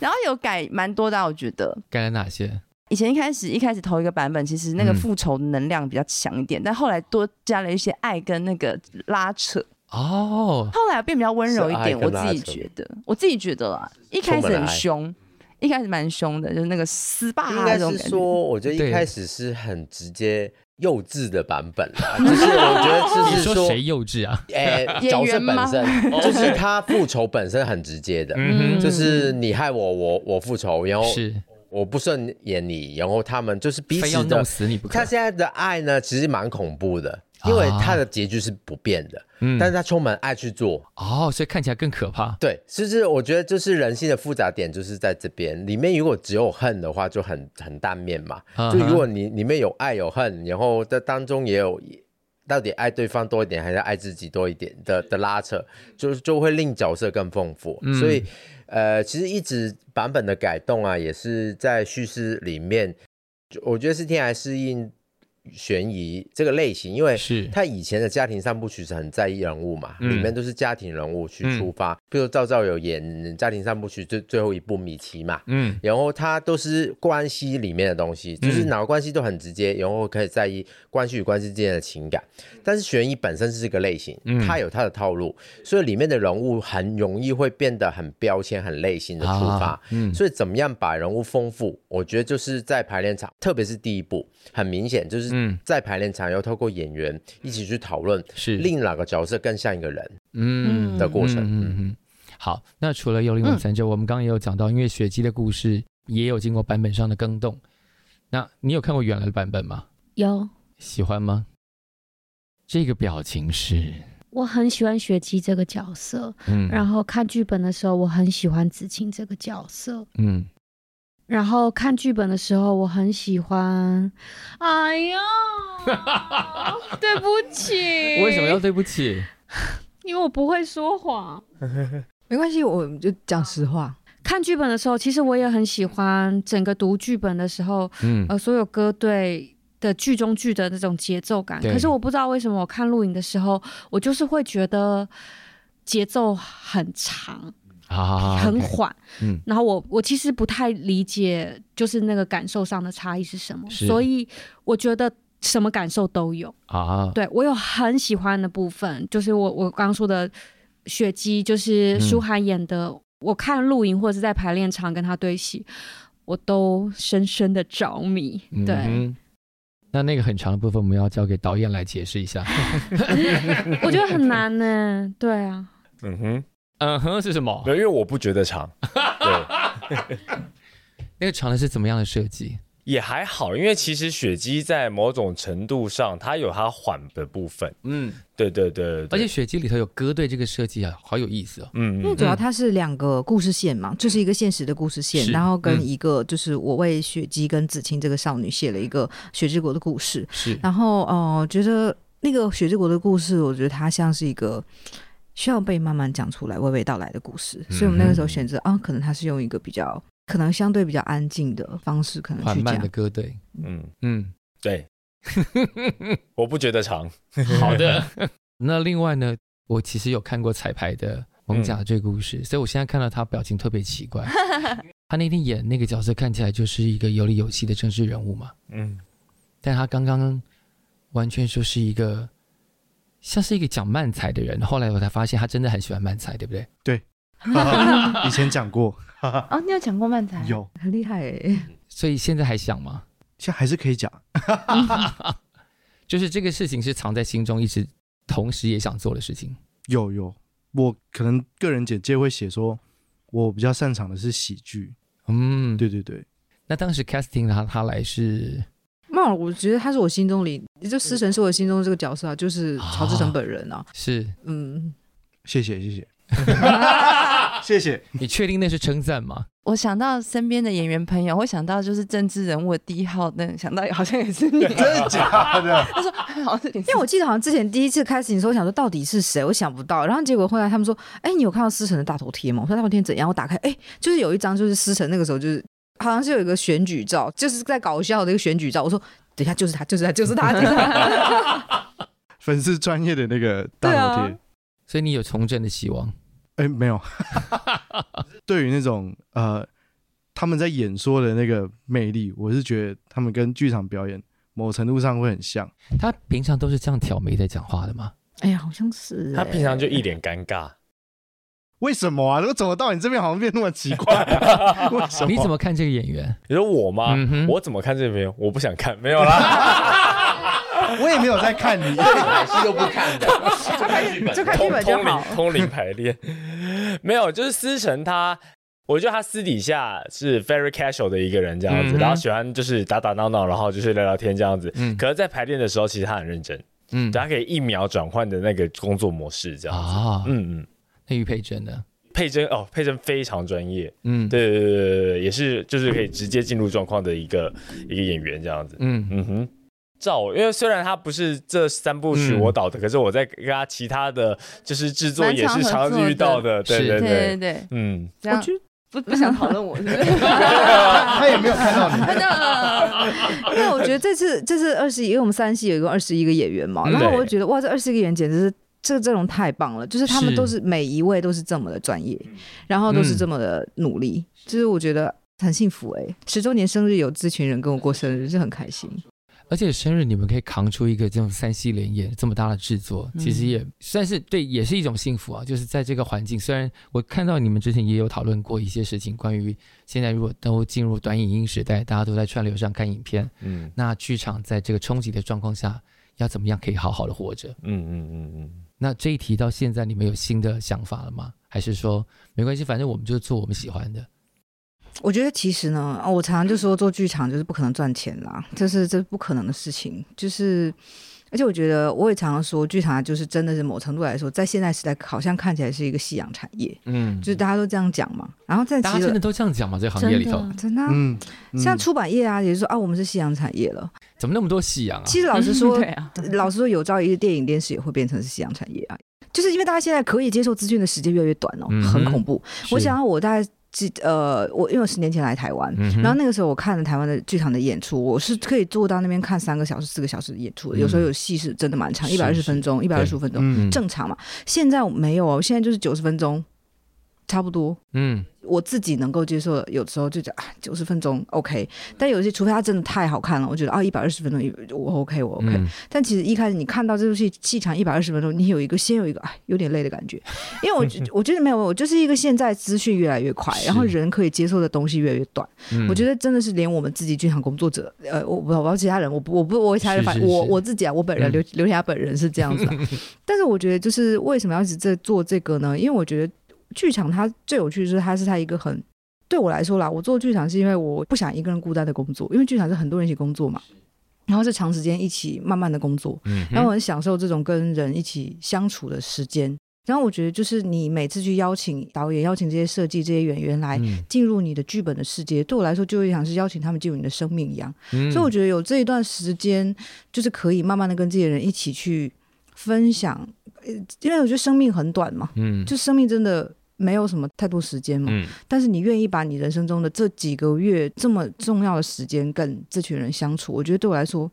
然後有改蠻多的，我覺得改了哪些？以前一開始一開始投一個版本，其實那個復仇能量比較強一點，嗯，但後來多加了一些愛跟那個拉扯哦，後來變比較溫柔一點。我自己覺得，我自己覺得啊，一開始很兇，一開始蠻兇的，就是那個撕吧那種感覺。說我覺得一開始是很直接幼稚的版本啦，就是我覺得，就是說誰 幼稚啊？哎，欸，角色本身 就是他復仇本身很直接的，嗯，就是你害我，我我復仇，然後是。我不順眼你，然後他們就是彼此的，非要弄死你不可。他現在的愛呢，其實蠻恐怖的，啊、因為他的結局是不變的，嗯、但是他充滿愛去做哦，所以看起來更可怕。對，其實我覺得就是人性的複雜點就是在這邊裡面，如果只有恨的話就很很單面嘛。就如果你裡面有愛有恨，然後在當中也有到底愛對方多一點還是愛自己多一點的的拉扯，就就會令角色更豐富，嗯、所以。呃，其實一直版本的改動啊，也是在敘事裡面，我覺得是天涯適應。懸疑這個類型，因為他以前的家庭三部曲是很在意人物嘛，嗯，裡面都是家庭人物去出發，比、嗯、如趙趙有演家庭三部曲最最後一部《米奇》嘛，嗯，然後他都是關係裡面的東西，嗯，就是哪個關係都很直接，然後可以在意關係與關係之間的情感。但是懸疑本身是一個類型，嗯，它有它的套路，所以裡面的人物很容易會變得很標籤、很類型的出發啊。嗯，所以怎麼樣把人物豐富？我覺得就是在排練場，特別是第一部，很明顯就是。嗯，在排練場要透過演員一起去討論，是令哪個角色更像一個人，嗯的過程。嗯嗯，嗯，好。那除了幽靈晚三週、嗯，我們剛剛也有講到，因為雪姬的故事也有經過版本上的更動。那你有看過原來的版本嗎？有。喜歡嗎？這個表情是。我很喜歡雪姬這個角色，嗯。然後看劇本的時候，我很喜歡子晴這個角色，嗯。然後看劇本的時候，我很喜歡。哎呀， 對不起。為什麼要對不起？ 因為我不會說謊。 沒關係，我就講實話。看劇本的時候，其實我也很喜歡整個讀劇本的時候，嗯，呃，所有歌隊的劇中劇的那種節奏感。可是我不知道為什麼，我看錄影的時候，我就是會覺得節奏很長。啊、很緩，嗯，然後我我其實不太理解，就是那個感受上的差異是什麼是，所以我覺得什麼感受都有啊。對，我有很喜歡的部分，就是我我剛剛說的雪姬，就是舒涵演的。嗯、我看錄影或者是在排練場跟他對戲，我都深深的着迷。對、嗯，那那個很長的部分，我們要交給導演來解釋一下。 我覺得很難呢。對啊。嗯哼。嗯哼，是什麼？因為我不覺得長。 對， 那個長的是怎麼樣的設計？也還好，因為其實雪姬在某種程度上，它有它緩的部分。嗯，對對，對對對，而且雪姬裡頭有歌隊這個設計啊，好有意思哦、啊嗯嗯。嗯，因為主要它是兩個故事線嘛，就是一個現實的故事線，嗯，然後跟一個就是我為雪姬跟子清這個少女寫了一個雪之國的故事。是，然後哦、呃，覺得那個雪之國的故事，我覺得它像是一個。需要被慢慢講出來、娓娓道來的故事，所以我們那個時候選擇啊、嗯哦，可能他是用一個比較可能相對比較安靜的方式，可能去講的歌對，嗯嗯，對， 我不覺得長， 好的。 那另外呢，我其實有看過彩排的艋舺這個故事、嗯，所以我現在看到他表情特別奇怪， 他那天演那個角色看起來就是一個有理有氣的政治人物嘛，嗯，但他剛剛完全說是一個。像是一個講漫才的人，後來我才發現他真的很喜歡漫才，對不對？對，啊、以前講過哈哈 哦，你有講過漫才？有，很厲害、嗯。所以現在還想嗎？其實還是可以講， 就是這個事情是藏在心中，一直同時也想做的事情。有有，我可能個人簡介會寫說我比較擅長的是喜劇。嗯，對對對。那當時 casting 他他來是？我覺得他是我心中裡，就思辰是我的心中這個角色啊、嗯，就是曹志成本人啊、哦。是，嗯，謝謝，謝謝，謝、啊、謝。 你確定那是稱讚嗎？ 我想到身邊的演員朋友，我想到就是政治人物的第一號，但想到好像也是你， 真的假的？ 他說，因為，因為我記得好像之前第一次開始你說，我想說到底是誰，我想不到，然後結果後來他們說，哎，你有看到思辰的大頭貼嗎？我說大頭貼怎樣？我打開，哎，就是有一張，就是思辰那個時候就是。好像是有一個選舉照，就是在搞笑的一個選舉照。我說，等一下，就是他，就是他，就是他。 粉絲專業的那個大老貼、啊，所以你有從政的希望？哎、欸，沒有。 對於那種呃，他們在演說的那個魅力，我是覺得他們跟劇場表演某程度上會很像。他平常都是這樣挑眉的在講話的嗎？哎、欸、呀，好像是、欸。他平常就一臉尷尬。 為什麼啊？怎麼走得到你這邊好像變得那麼奇怪、啊。為什麼？你怎麼看這個演員？你說我嗎？Mm -hmm. 我怎麼看這邊？我不想看，沒有啦。 我也沒有在看你，拍 戲對 都不看的， 你就看劇本，就看劇本就好。通靈排練 沒有，就是思辰他，我覺得他私底下是 very casual 的一個人，這樣子，mm -hmm. 然後喜歡就是打打鬧鬧，然後就是聊聊天這樣子。嗯。可是，在排練的時候，其實他很認真。嗯。大家可以一秒轉換的那個工作模式，這樣嗯、啊、嗯。配與佩真的，佩真哦，佩真非常專業，嗯，對對對對對，也是就是可以直接進入狀況的一個一個演員這樣子，嗯嗯哼，趙，因為雖然他不是這三部曲我導的，嗯、可是我在跟他其他的就是制作也是常,常遇到的，的對對對,對對對，嗯，我就不不想討論我是不是， 他也沒有看到你，因 為 我覺得這次這次二十，因為我們三系有一個二十一個演員嘛，然後我就覺得哇，這二十一個演員簡直是。這個陣容太棒了，就是他們都是每一位都是這麼的專業，然後都是這麼的努力，嗯、就是我覺得很幸福哎、欸。十周年生日有這群人跟我過生日是很開心，而且生日你們可以扛出一個這種三系聯演這麼大的製作，其實也、嗯、算是對，也是一種幸福啊。就是在這個環境，雖然我看到你們之前也有討論過一些事情，關於現在如果都進入短影音時代，大家都在串流上看影片，嗯，那劇場在這個衝擊的狀況下，要怎麼樣可以好好的活着？嗯嗯嗯嗯。嗯那這一提到現在，你們有新的想法了嗎？還是說沒關係，反正我們就做我們喜歡的？我覺得其實呢，哦、我常常就說做劇場就是不可能賺錢啦，這是這是不可能的事情。就是而且我覺得我也常常說，劇場就是真的是某程度來說，在現在時代好像看起來是一個夕陽產業，嗯，就是大家都這樣講嘛。然後在其實大家真的都這樣講嘛，這個行業裡頭真的，真的、啊，嗯，像出版業啊，嗯、也就是說啊，我們是夕陽產業了。怎麼那麼多夕陽啊？其實老實說，啊、老實說，有朝一日電影、電視也會變成是夕陽產業啊。就是因為大家現在可以接受資訊的時間越來越短哦，嗯、很恐怖。我想到我大概記呃，我因為我十年前來台灣、嗯，然後那個時候我看了台灣的劇場的演出，我是可以坐到那邊看三個小時、四個小時的演出、嗯，有時候有戲是真的蠻長，一百二十分鐘、一百二十五分鐘，正常嘛。現在沒有啊，現在就是九十分鐘，差不多。嗯。我自己能夠接受的，有的時候就講九十分鐘 OK，但有些，除非他真的太好看了，我覺得啊一百二十分鐘我 OK 我 OK、嗯。但其實一開始你看到這部戲，氣場一百二十分鐘，你有一個先有一個啊有點累的感覺，因為我 我覺得沒有，我就是一個現在資訊越來越快，然後人可以接受的東西越來越短。我覺得真的是連我們自己劇場工作者、嗯，呃，我不我要其他人，我不我不我其他人反我是是是我自己啊，我本人劉劉天涯本人是這樣子、啊。 但是我覺得就是為什麼要一直在做這個呢？因為我覺得。劇場它最有趣的是它是它一個很對我來說啦，我做劇場是因為我不想一個人孤單的工作，因為劇場是很多人一起工作嘛，然後是長時間一起慢慢的工作，嗯，然後我很享受這種跟人一起相處的時間。然後我覺得就是你每次去邀請導演、邀請這些設計、這些演員來進入你的劇本的世界，嗯、對我來說就是像是邀請他們進入你的生命一樣。嗯、所以我覺得有這一段時間，就是可以慢慢的跟這些人一起去分享，因為我覺得生命很短嘛，嗯，就生命真的。沒有什麼太多時間嘛，嗯，但是你願意把你人生中的這幾個月這麼重要的時間跟這群人相處，我覺得對我來說，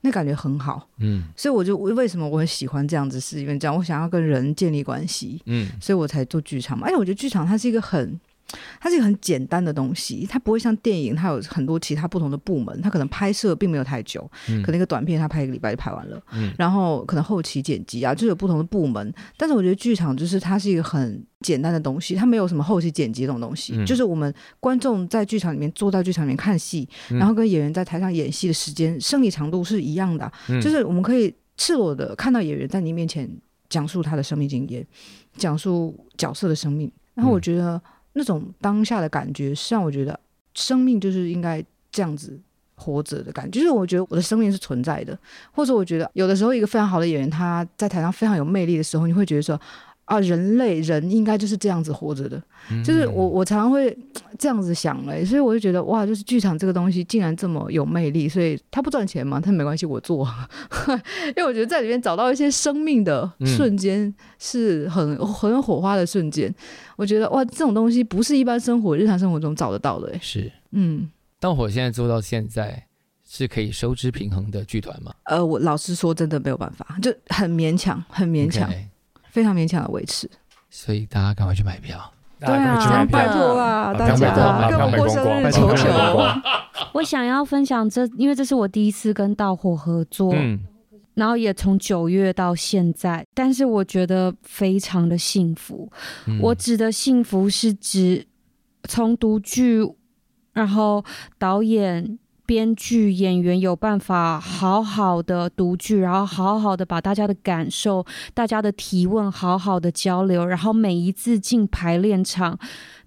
那感覺很好。嗯，所以我就為什麼我很喜歡這樣子是因為這樣，我想要跟人建立關係。嗯，所以我才做劇場嘛，而且，哎，我覺得劇場它是一個很。它是一個很簡單的東西，它不會像電影，它有很多其他不同的部門，它可能拍攝並沒有太久，嗯、可能一個短片它拍一個禮拜就拍完了，嗯、然後可能後期剪輯啊，就是、有不同的部門。但是我覺得劇場就是它是一個很簡單的東西，它沒有什麼後期剪輯這種東西、嗯，就是我們觀眾在劇場裡面坐在劇場裡面看戲、嗯，然後跟演員在台上演戲的時間生理長度是一樣的、嗯，就是我們可以赤裸的看到演員在你面前講述他的生命經驗，講述角色的生命，然後我覺得。那種當下的感覺是讓我覺得生命就是應該這樣子活着的感覺，就是我覺得我的生命是存在的，或者我覺得有的時候一個非常好的演員他在台上非常有魅力的時候，你會覺得說。啊，人類人應該就是這樣子活着的，就是我我常常會這樣子想哎、欸，所以我就覺得哇，就是劇場這個東西竟然這麼有魅力，所以它不賺錢嘛，但沒關係，我做， 因為我覺得在裡面找到一些生命的瞬間是很、嗯、很有火花的瞬間，我覺得哇，這種東西不是一般生活日常生活中找得到的、欸、是嗯，但我現在做到現在是可以收支平衡的劇團嗎？呃，我老實說，真的沒有辦法，就很勉強，很勉強。Okay. 非常勉強的維持，所以大家趕快，快去買票。對啊，快去買票拜託啊，大家！過生、啊、日球球，求求我想要分享這，因為這是我第一次跟盜火合作、嗯，然後也從九月到現在，但是我覺得非常的幸福。嗯、我指的幸福是指從讀劇，然後導演、編劇、演員有辦法好好的讀劇，然後好好的把大家的感受、大家的提問好好的交流，然後每一次進排練場，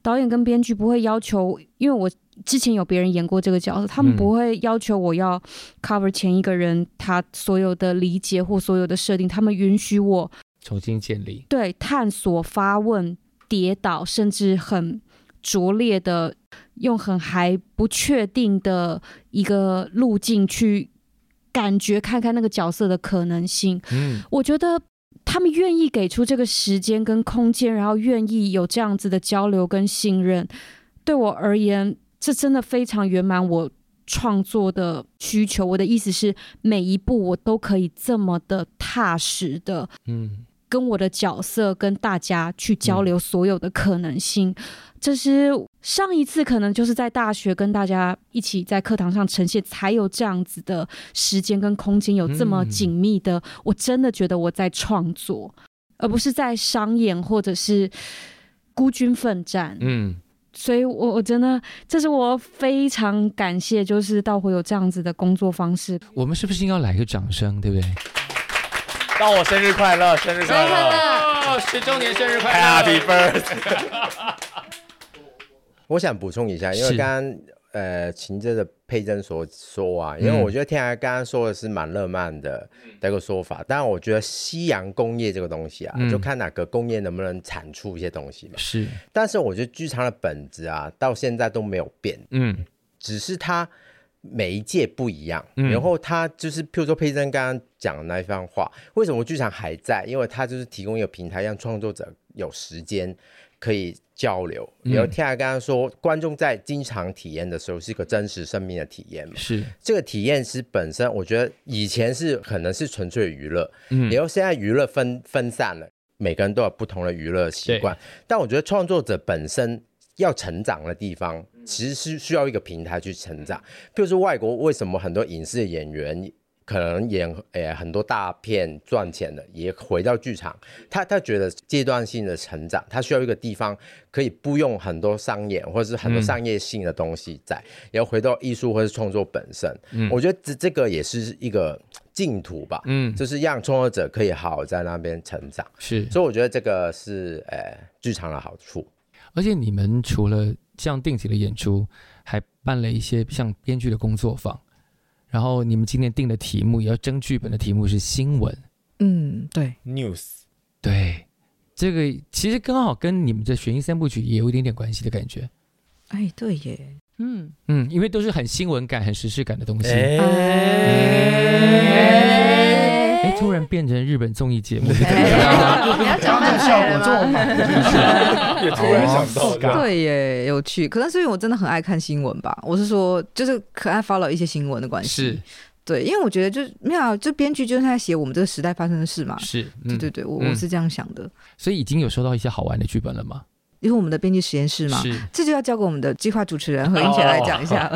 導演跟編劇不會要求，因為我之前有別人演過這個角色，他們不會要求我要 cover 前一個人他所有的理解或所有的設定，他們允許我重新建立，對，探索、發問、跌倒，甚至很拙劣的。用很還不確定的一個路徑去感覺看看那個角色的可能性。我覺得他們願意給出這個時間跟空間，然後願意有這樣子的交流跟信任，對我而言，這真的非常圓滿。我創作的需求，我的意思是，每一步我都可以這麼的踏實的，跟我的角色跟大家去交流所有的可能性。這是上一次可能就是在大學跟大家一起在課堂上呈現，才有這樣子的時間跟空間有這麼緊密的，嗯。我真的覺得我在創作，而不是在商演或者是孤軍奮戰。嗯，所以我我真的，這是我非常感謝，就是盜火有這樣子的工作方式。我們是不是應該來個掌聲？對不對？盜火生日快樂，生日快樂，生日快樂 oh, 十週年生日快樂，Happy Birthday！ 我想補充一下，因為剛剛呃秦真的佩真所說啊，因為我覺得天涯剛剛說的是蠻浪漫的這、嗯、個說法，但我覺得夕陽工業這個東西啊、嗯，就看哪個工業能不能產出一些東西嘛。是，但是我覺得劇場的本質啊，到現在都沒有變，嗯，只是它每一屆不一樣、嗯，然後它就是譬如說佩真剛剛講的那一番話，為什麼劇場還在？因為它就是提供一個平台，讓創作者有時間。可以交流，然後天涯剛剛說、嗯、觀眾在經常體驗的時候是一個真實生命的體驗嘛，是，這個體驗其實本身，我覺得以前是可能是純粹娛樂，然、嗯、後現在娛樂分分散了，每個人都有不同的娛樂習慣，但我覺得創作者本身要成長的地方，其實是需要一個平台去成長。譬如說外國為什麼很多影視的演員？可能演誒很多大片賺錢的，也回到劇場。他他覺得階段性的成長，他需要一個地方可以不用很多商演或者是很多商業性的東西在，然後、嗯、回到藝術或是創作本身。嗯，我覺得這這個也是一個淨土吧。嗯，就是讓創作者可以好好在那邊成長。是、嗯，所以我覺得這個是、欸、劇場的好處。而且你們除了像定期的演出，還辦了一些像編劇的工作坊。然後你們今天定的題目，也要爭劇本的題目是新聞。嗯，對，news，對，這個其實剛好跟你們的《懸疑三部曲》也有一點點關係的感覺。哎，對耶，嗯嗯，因為都是很新聞感、很時事感的東西。欸欸欸、突然變成日本綜藝節目，你要講想到？對，對耶，有趣。可能是因為我真的很愛看新聞吧。我是說，就是可愛發 w 一些新聞的關係。對，因為我覺得就、啊，就是沒有，就編劇就是在寫我們這個時代發生的事嘛。是，嗯、對對對，我、嗯、我是這樣想的。所以已經有收到一些好玩的劇本了嗎？因為我們的編劇實驗室嘛是，這就要交給我們的計劃主持人和英姐來講一下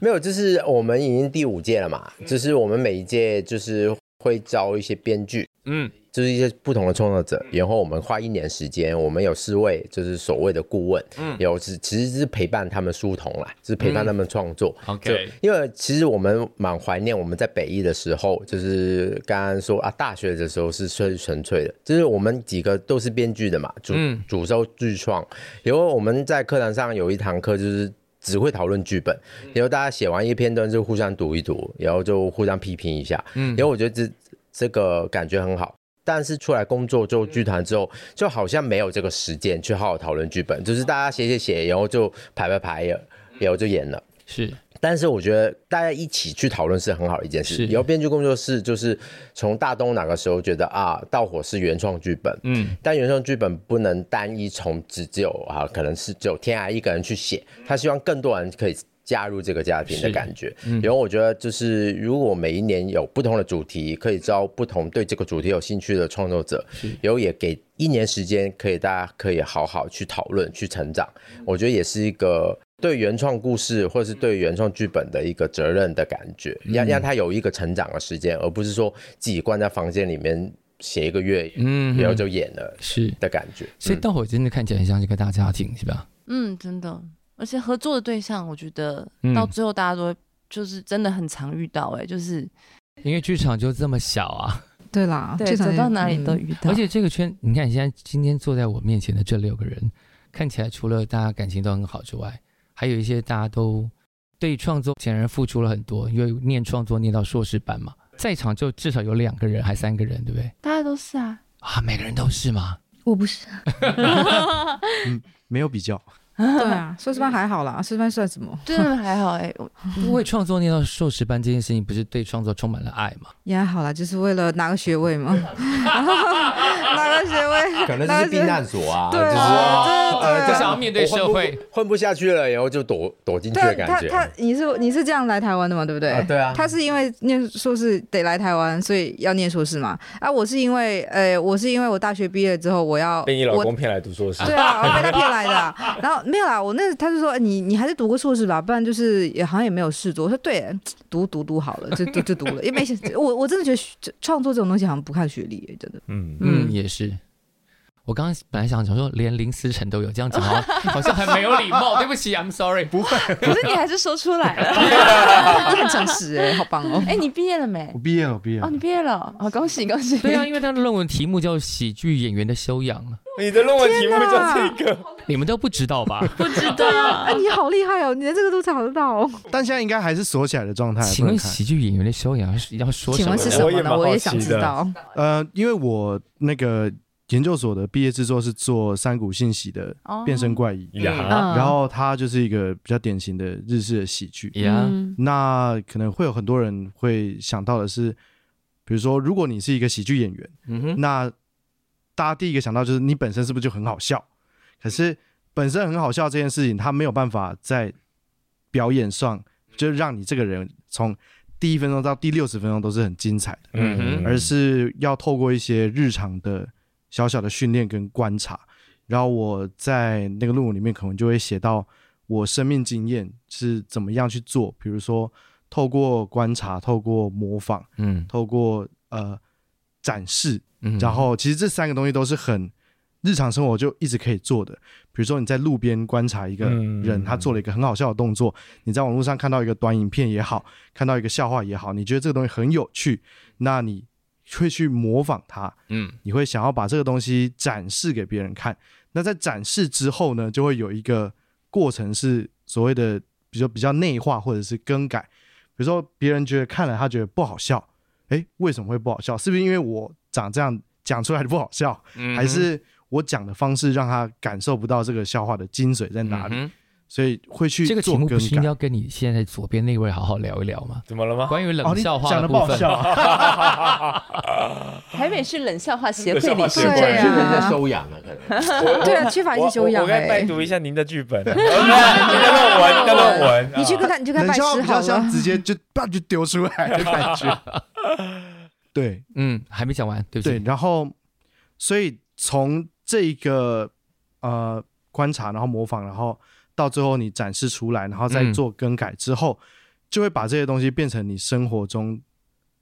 沒有，就是我們已經第五屆了嘛，就是我們每一屆就是。會招一些編劇，嗯，就是一些不同的創作者、嗯，然後我們花一年時間，我們有四位就是所謂的顧問，嗯，有是其實是陪伴他們書童啦，就、嗯、是陪伴他們創作。嗯、OK，因為其實我們蠻懷念我們在北藝的時候，就是剛剛說啊，大學的時候是最純粹的，就是我們幾個都是編劇的嘛，主、嗯、主修劇創。然後我們在課堂上有一堂課就是。只會討論劇本，然後大家寫完一篇段就互相讀一讀，然後就互相批評一下。嗯，然後我覺得這這個感覺很好，但是出來工作做劇團之後，就好像沒有這個時間去好好討論劇本，只，就是大家寫寫寫，然後就排排排了，然後就演了。是。但是我覺得大家一起去討論是很好的一件事情。以後編劇工作室就是從大東那個時候覺得啊，盜火是原創劇本，嗯，但原創劇本不能單一從只只有啊，可能是只有天涯一個人去寫，他希望更多人可以加入這個家庭的感覺。然、嗯、後我覺得就是如果每一年有不同的主題，可以招不同對這個主題有興趣的創作者，然後也給一年時間，可以大家可以好好去討論、去成長、嗯。我覺得也是一個。對原創故事或者是對原創劇本的一個責任的感覺，讓、嗯、讓他有一個成長的時間，而不是說自己關在房間裡面寫一個月，嗯，然後就演了是的感覺。所以大夥真的看起來很像一個大家庭，是吧？嗯，真的。而且合作的對象，我覺得到最後大家都就是真的很常遇到、欸，哎，就是、嗯、因為劇場就這麼小啊。對啦，對，走到哪裡都遇到、嗯。而且這個圈，你看你現在今天坐在我面前的這六個人，看起來除了大家感情都很好之外，還有一些大家都對創作顯然付出了很多，因為念創作念到碩士班嘛，在場就至少有兩個人，還三個人，對不對？大家都是啊啊，每個人都是嗎？我不是啊， 嗯，沒有比較。對啊，碩士班還好啦，碩士班算什麼？真的還好哎、欸，為創作念到碩士班這件事情，不是對創作充滿了愛嗎？也、yeah, 還好啦，就是為了拿個學位嘛。 拿個學位，可能就是避難所啊，就是呃，就是、哦呃對對對啊、想要面對社會混，混不下去了，然後就躲躲進去的感覺。啊、他他，你是你是這樣來台灣的嗎？對不對？呃、對啊，他是因為念碩士得來台灣，所以要念碩士嘛。啊，我是因為，呃，我是因為我大學畢業之後，我要被你老公騙來讀碩士。對啊，我、啊、被他騙來的、啊， 然後。沒有啦，我那時他就說、哎，你你還是讀個碩士吧，不然就是也好像也沒有事做。我說對，讀讀讀，讀好了就讀就讀了， 也沒我我真的覺得創作這種東西好像不看學歷、欸，真的，嗯嗯，也是。我剛剛本來想想說，連林思辰都有這樣講， 好像很沒有禮貌。對不起 ，I'm sorry。不會，可是你還是說出來了，yeah, 很誠實，欸，哎，好棒哦。哎、 欸，你畢業了沒？我畢業了，我畢業了。Oh, 你畢業了，哦，oh，恭喜恭喜。對啊，因為他的論文題目叫《喜劇演員的修養。》 你的論文題目叫這個，啊，你們都不知道吧？ 不知道得啊， 啊，你好厲害哦，你連這個都查得到。 但現在應該還是鎖起來的狀態。請問喜劇演員的修養要說什？什麼呢？我也想知道。呃，因為我那個。研究所的畢業制作是做三谷幸喜的變身怪醫，然後它，就是一個比較典型的日式的喜劇。那可能會有很多人會想到的是，比如說，如果你是一個喜劇演員，那大家第一個想到就是你本身是不是就很好笑？可是本身很好笑這件事情，它沒有辦法在表演上就讓你這個人從第一分鐘到第六十分鐘都是很精彩的，而是要透過一些日常的。小小的訓練跟觀察，然後我在那個論文裡面可能就會寫到我生命經驗是怎麼樣去做，比如說透過觀察、透過模仿、嗯、透過呃展示，嗯嗯嗯，然後其實這三個東西都是很日常生活就一直可以做的。比如說你在路邊觀察一個人，他做了一個很好笑的動作；嗯嗯嗯，你在網絡上看到一個短影片也好，看到一個笑話也好，你覺得這個東西很有趣，那你，會去模仿他，嗯，你會想要把這個東西展示給別人看。那在展示之後呢，就會有一個過程是所謂的，比較、比較內化或者是更改。比如說別人覺得看了他覺得不好笑，哎，為什麼會不好笑？是不是因為我長這樣講出來的不好笑，嗯，還是我講的方式讓他感受不到這個笑話的精髓在哪裡？嗯。所以會去做這個題目，不是應該要跟你現在左邊那位好好聊一聊嗎？怎麼了嗎？關於冷笑話的部分。台北市冷笑話協會的，對啊，修養啊，可能對啊，缺乏一些修養。我來 拜讀一下您的劇本，啊，論 文 那，論 文那。 你去看，你去看，他拜師好了直接就啪就丟出來的感覺。 對，嗯，還沒講完，對不對？然後，所以從這一個呃觀察，然後模仿，然後。到最後你展示出來，然後再做更改之後，嗯、就會把這些東西變成你生活中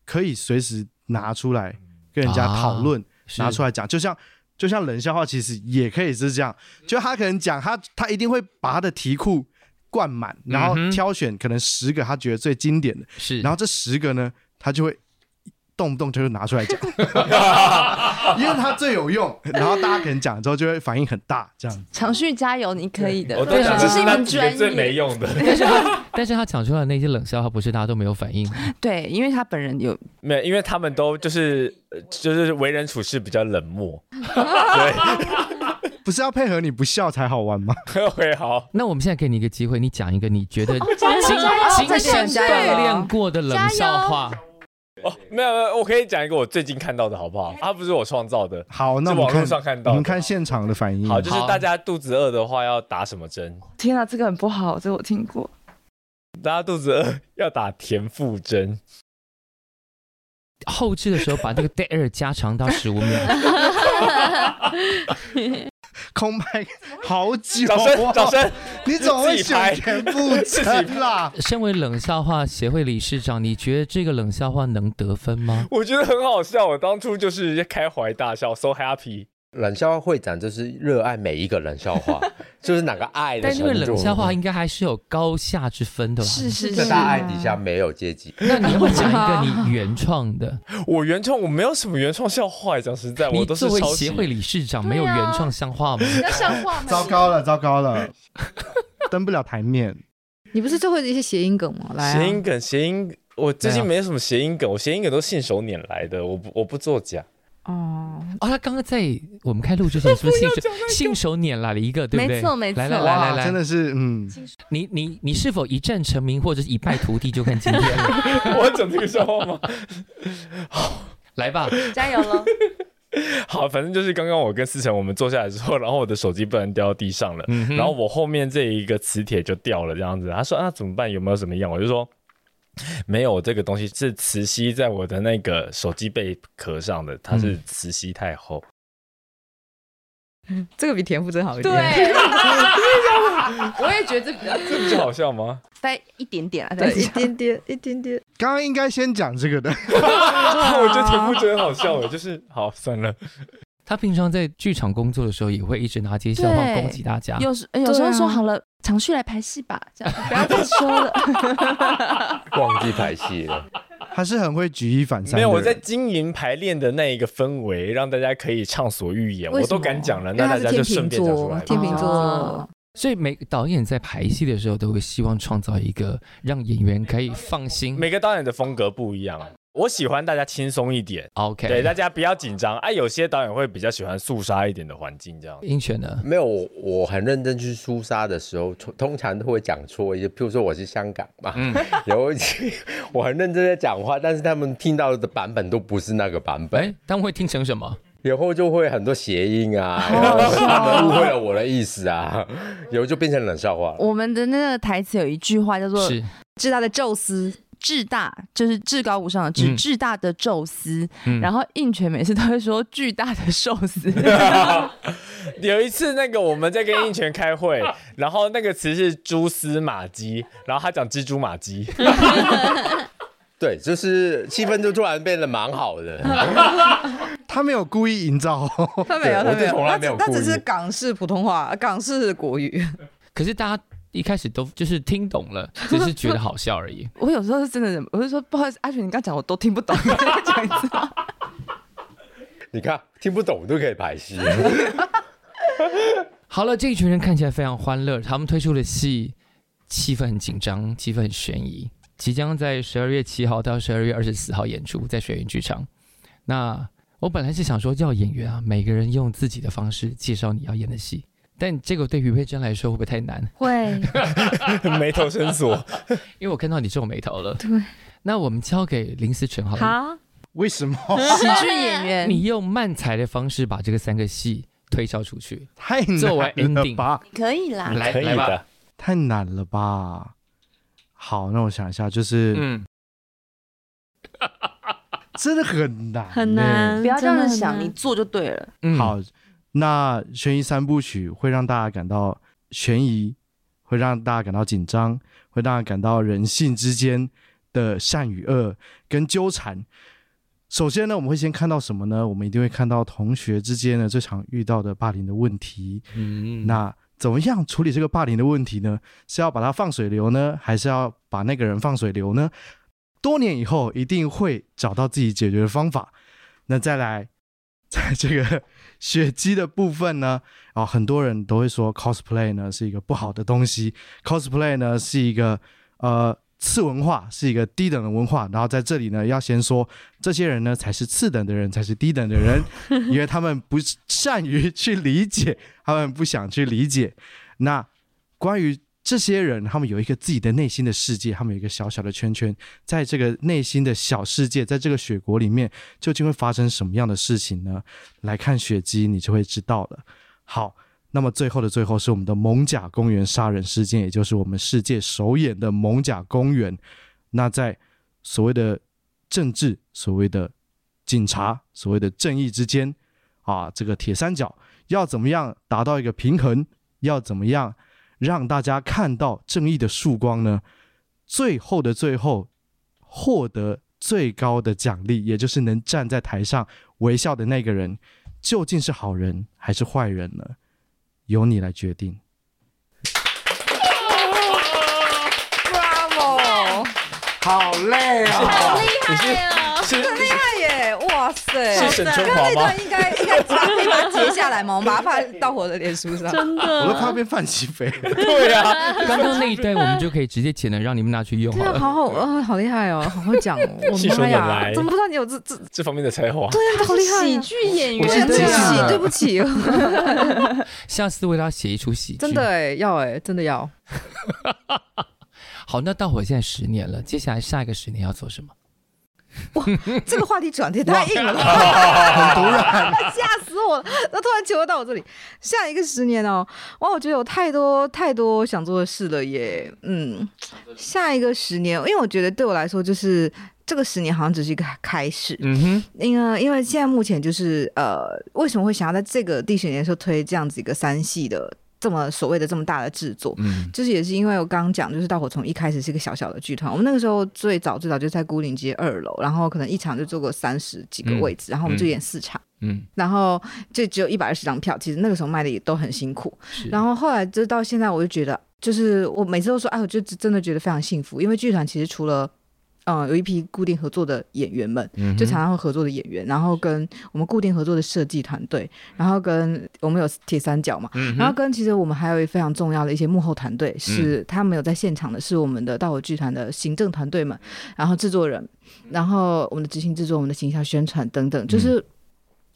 可以隨時拿出來跟人家討論、啊、拿出來講。就像就像冷笑話，其實也可以是這樣。就他可能講他他一定會把他的題庫灌滿，然後挑選可能十個他覺得最經典的，是、嗯、然後這十個呢，他就會。動不動就是拿出來講， 因為他最有用，然後大家可能講了之後就會反應很大，這樣子。昶旭加油，你可以的。對，這、哦啊就是主個最沒用的。 是但是，他講出來的那些冷笑話，不是大家都沒有反應。對，因為他本人有，沒有，因為他們都就是就是為人處事比較冷漠。啊、對，啊、 不是要配合你不笑才好玩嗎？OK，好。 那我們現在給你一個機會，你講一個你覺得經 精神鍛鍊 過的冷笑話。哦、沒有沒有，我可以講一個我最近看到的，好不好？它、啊、不是我創造的，好，那我們看，是網路上看到的，你們看現場的反應好。好，就是大家肚子餓的話要打什麼針？天啊，這個很不好，這個我聽過。大家肚子餓要打田馥甄，後製的時候把這個 dead air 加長到十五秒。 空白好久，哦，掌聲掌聲！你怎麼會九年不爭啦。身為冷笑話協會理事長，你覺得這個冷笑話能得分嗎？我覺得很好笑，我當初就是直接開懷大笑，so happy。冷笑話會長，就是熱愛每一個冷笑話， 就是哪個愛的。但是冷笑話應該還是有高下之分的吧？是是是，大愛底下沒有階級。 那你會講一個你原創的？ 我原創，我沒有什麼原創笑話。講實在，我都是抄襲。協會理事長沒有原創笑話嗎？笑話嗎啊、那笑話？糟糕了，糟糕了， 登不了台面。你不是就會一些諧音梗嗎？來、啊，諧音梗，諧音。我最近沒有什麼諧音梗，啊、我諧音梗都信手拈來的。我不，我不作假。哦、oh，哦，他剛剛在我們開錄之前是不是信手信手拈來了一個，對不對？沒錯，沒錯。來來來來來，真的是，嗯，你你你是否一戰成名或者是一敗塗地，就看今天了。我講這個笑話嗎？好，來吧，加油嘍！好，反正就是剛剛我跟思辰我們坐下來之後，然後我的手機不小心掉到地上了，嗯，然後我後面這一個磁鐵就掉了，這樣子。他說啊，怎麼辦？有沒有什麼樣？我就說。沒有，這個東西是磁吸在我的那個手機背殼上的，它是磁吸太厚、嗯。這個比田馥甄好一點。對 我也覺得這比較，這不就好笑嗎？帶一點點啊，帶一點點,對一,一點點，一點點。剛剛應該先講這個的， 對 我覺得田馥甄好笑哎，就是好算了。 他平常在劇場工作的時候，也會一直拿接笑話攻擊大家，有時有時候說好了。常去來排戲吧，這樣，不要再說了。忘 記 排戲了， 他是很會舉一反三。沒有，我在經營排練的那一個氛圍，讓大家可以暢所欲言，我都敢講了，那大家就順便就出來天秤座。哦，所以每個導演在排戲的時候都會希望創造一個讓演員可以放心。每個導演的風格不一樣。我喜歡大家輕鬆一點，OK，對大家不要緊張啊。有些導演會比較喜歡肅殺一點的環境，這樣。應權呢？沒有，我很認真去肅殺的時候，通常都會講錯一些。譬如說我是香港嘛，然、嗯、後 我很認真在講話，但是他們聽到的版本都不是那個版本。欸、他們會聽成什麼？以後就會很多諧音啊，誤會了我的意思啊， 以後就變成冷笑話了。我們的那個台詞有一句話叫做是“是他的宙斯”。至大，就是至高無上的至，巨、嗯、大的宙斯。嗯、然後印泉每次都會說巨大的壽司。 有一次那個我們在跟印泉開會， 然後那個詞是蛛絲馬跡，然後他講蜘蛛馬跡。 對，就是氣氛就突然變得蠻好的。 他沒有故意營造、哦，他沒有、啊，他沒有、啊，他 只、只是港式普通話，港式國語。可是大家。一開始都就是聽懂了，只是覺得好笑而已。他他我有時候是真的，我就說不好意思，阿權，你剛講我都聽不懂，你 講 一次。你看，聽不懂都可以排戲。 好了，這一群人看起來非常歡樂。他們推出的戲氣氛很緊張，氣氛很懸疑，即將在十二月七號到十二月二十四號演出在水源劇場。那我本來是想說，要演員啊，每個人用自己的方式介紹你要演的戲。但這個對於佩真來說會不會太難？會，眉 頭深鎖，因為我看到你皺眉頭了。對，那我們交給林思辰好了。好，為什麼？喜劇演員， 你用漫才的方式把這個三個戲推銷出去，太難了吧。做完 ending 可以啦，可以的。太難了吧？好，那我想一下，就是，嗯、 真的很難，很難。很難不要這樣想，你做就對了。嗯、好。那懸疑三部曲會讓大家感到懸疑，會讓大家感到緊張，會讓大家感到人性之間的善與惡跟糾纏。首先呢，我們會先看到什麼呢？我們一定會看到同學之間的最常遇到的霸凌的問題。嗯。那怎麼樣處理這個霸凌的問題呢？是要把它放水流呢，還是要把那個人放水流呢？多年以後一定會找到自己解決的方法。那再來，在這個。血跡的部分呢，啊、呃，很多人都會說 cosplay 呢是一個不好的東西，cosplay 呢是一個呃次文化，是一個低等的文化。然後在這裡呢，要先說這些人呢才是次等的人，才是低等的人，因為他們不善於去理解，他們不想去理解。那關於這些人，他們有一個自己的內心的世界，他們有一個小小的圈圈，在這個內心的小世界，在這個雪國裡面，究竟會發生什麼樣的事情呢？來看《雪姬》，你就會知道了。好，那麼最後的最後是我們的《蒙賈公園殺人事件》，也就是我們世界首演的《蒙賈公園》。那在所謂的政治、所謂的警察、所謂的正義之間，啊，這個鐵三角要怎麼樣達到一個平衡？要怎麼樣？讓大家看到正義的曙光呢？最後的最後，獲得最高的獎勵，也就是能站在台上微笑的那個人，究竟是好人還是壞人呢？由你來決定。好、哦、累、哦啊啊啊啊啊、厲害哦。很厲害耶！是哇塞，剛剛那段應該應該可以把它截下來嗎？ 我們把它發到盜火的臉書上。真的、啊，我都咖啡飯起飛。對啊，剛剛那一段我們就可以直接剪了，讓你們拿去用好了。真的好好哦、呃，好厲害哦，好會講哦。我媽呀，怎麼不知道你有這這這方面的才華？對啊，好厲害、啊。喜劇演員，對不起，對不起 下次為他家寫一出喜劇。真的哎、欸，要哎、欸，真的要。 好，那盜火現在十年了，接下來下一個十年要做什麼？哇，這個話題轉得太硬了。 嚇死我了！那突然球丟到我這裡，下一個十年哦，哇，我覺得有太多太多想做的事了耶，嗯，下一個十年，因為我覺得對我來說，就是這個十年好像只是一個開始。嗯哼，因為因為現在目前就是呃，為什麼會想要在這個第十年的時候推這樣子一個三系的？這麼所謂的這麼大的製作，嗯、就是也是因為我剛剛講，就是盜火從一開始是一個小小的劇團，我們那個時候最早最早就在牯嶺街二樓，然後可能一場就坐過三十幾個位置，嗯、然後我們就演四場，嗯嗯、然後就只有一百二十張票，其實那個時候賣的也都很辛苦，然後後來就到現在，我就覺得，就是我每次都說，哎，我就真的覺得非常幸福，因為劇團其實除了。嗯，有一批固定合作的演員們，嗯、就常常會合作的演員，然後跟我們固定合作的設計團隊，然後跟我們有鐵三角嘛，嗯、然後跟其實我們還有一非常重要的一些幕後團隊，是他們有在現場的，是我們的盜火劇團的行政團隊們，然後製作人，然後我們的執行製作，我們的形象宣傳等等，就是。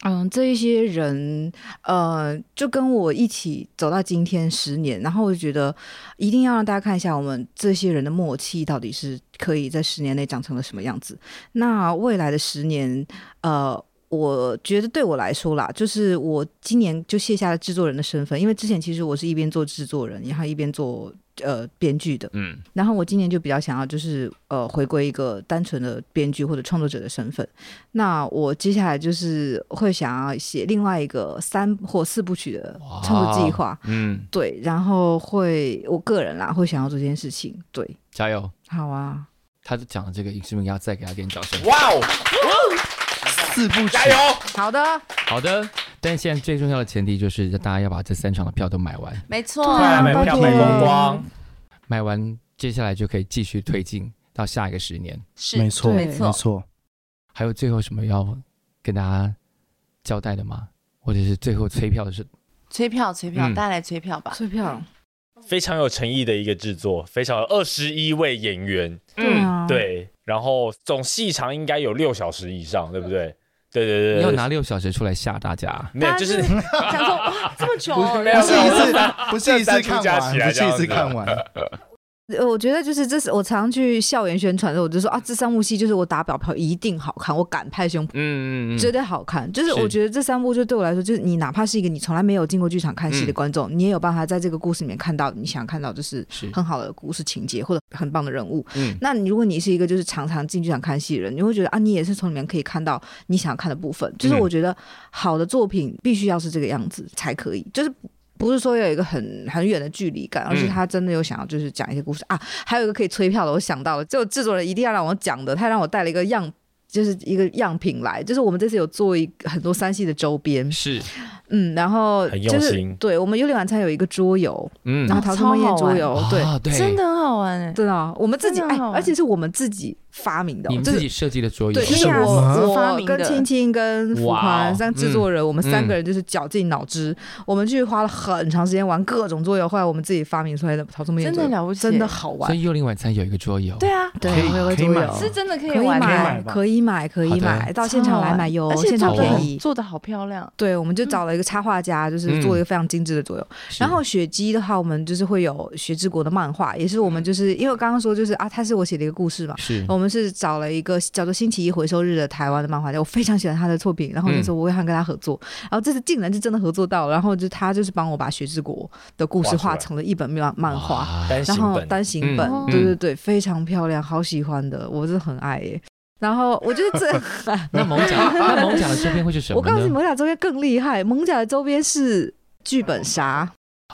嗯，這一些人，呃，就跟我一起走到今天十年，然後我就覺得一定要讓大家看一下我們這些人的默契到底是可以在十年內長成了什麼樣子。那未來的十年，呃，我覺得對我來說啦，就是我今年就卸下了制作人的身份，因為之前其實我是一邊做制作人，然後一邊做。呃，編劇的，嗯，然後我今年就比較想要，就是呃，回歸一個單純的編劇或者創作者的身份。那我接下來就是會想要寫另外一個三或四部曲的創作計劃，嗯，對，然後會我個人啦會想要做這件事情，對，加油，好啊。他就講了這個應該要再給他點掌聲，哇，wow! 哦，四部曲，加油，好的，好的。但現在最重要的前提就是，大家要把這三場的票都買完。沒錯、啊，快來買票買光光，買完接下來就可以繼續推進到下一個十年。沒錯沒錯。還有最後什麼要跟大家交代的嗎？或者是最後催票的事？催票催票，大、嗯、家來催票吧！催票。非常有誠意的一個製作，非常有二十一位演員，對、嗯、對，然後總戲長應該有六小時以上，對不對？嗯 對對對，對，你要拿六小時出來嚇大家，沒有就是想 說哇 這麼久，哦，不是一次，不是一次看完，不是一次看完。我覺得就是，這是我常去校園宣傳的時候，我就說啊，這三部戲就是我打表票一定好看，我敢拍胸脯，嗯、嗯、嗯、絕對好看。就是我覺得這三部就對我來說，就是你哪怕是一個你從來沒有進過劇場看戲的觀眾，你也有辦法在這個故事裡面看到你想看到，就是很好的故事情節或者很棒的人物。那你如果你是一個就是常常進劇場看戲的人，你會覺得啊，你也是從裡面可以看到你想要看的部分。就是我覺得好的作品必須要是這個樣子才可以，就是。不是說要有一個很很遠的距離感，而是他真的有想要就是講一些故事，嗯、啊，還有一個可以催票的，我想到了，就制作人一定要讓我講的，他讓我帶了一個樣，就是一個樣品來，就是我們這次有做一很多山西的周邊是。嗯，然後就是對我們幽靈晚餐，有一個桌遊，嗯，然後逃脫夢魘桌遊、啊，對，真的很好玩哎、欸，真的、欸對，我們自己哎，而且是我們自己發明的，就是、你們自己設計的桌遊、就是，對，是我是我，是我，我，發明的，我跟青青跟福環三製作人、嗯，我們三個人就是絞盡腦汁，嗯嗯、我們去花了很長時間玩各種桌遊，後來我們自己發明出來的逃脫夢魘真的了不起，真的好玩。所以幽靈晚餐有一個桌遊，對啊，對，有一個桌遊是真的可以玩的，可以買可以買，可以買到現場來買喲，而且便宜，做的好漂亮。對，我們就找了一個。插畫家就是做一個非常精致的作用，嗯。然後雪姬的話，我們就是會有雪之國的漫畫，也是我們就是因為剛剛說就是啊，他是我寫的一個故事嘛。我們是找了一個叫做《星期一回收日》的台灣的漫畫家，我非常喜歡他的作品。然後那時候我也很跟他合作，嗯，然後這次竟然就真的合作到了。然後就他就是幫我把雪之國的故事畫成了一本漫畫，然後單行本，嗯嗯，單行本，對對對，非常漂亮，好喜歡的，我是很愛，欸。 然後我覺得這 那蒙萌甲，那 蒙、啊啊、蒙甲的周邊會是什麼？ 我告訴你，蒙甲周邊更厲害。蒙甲的周邊是劇本殺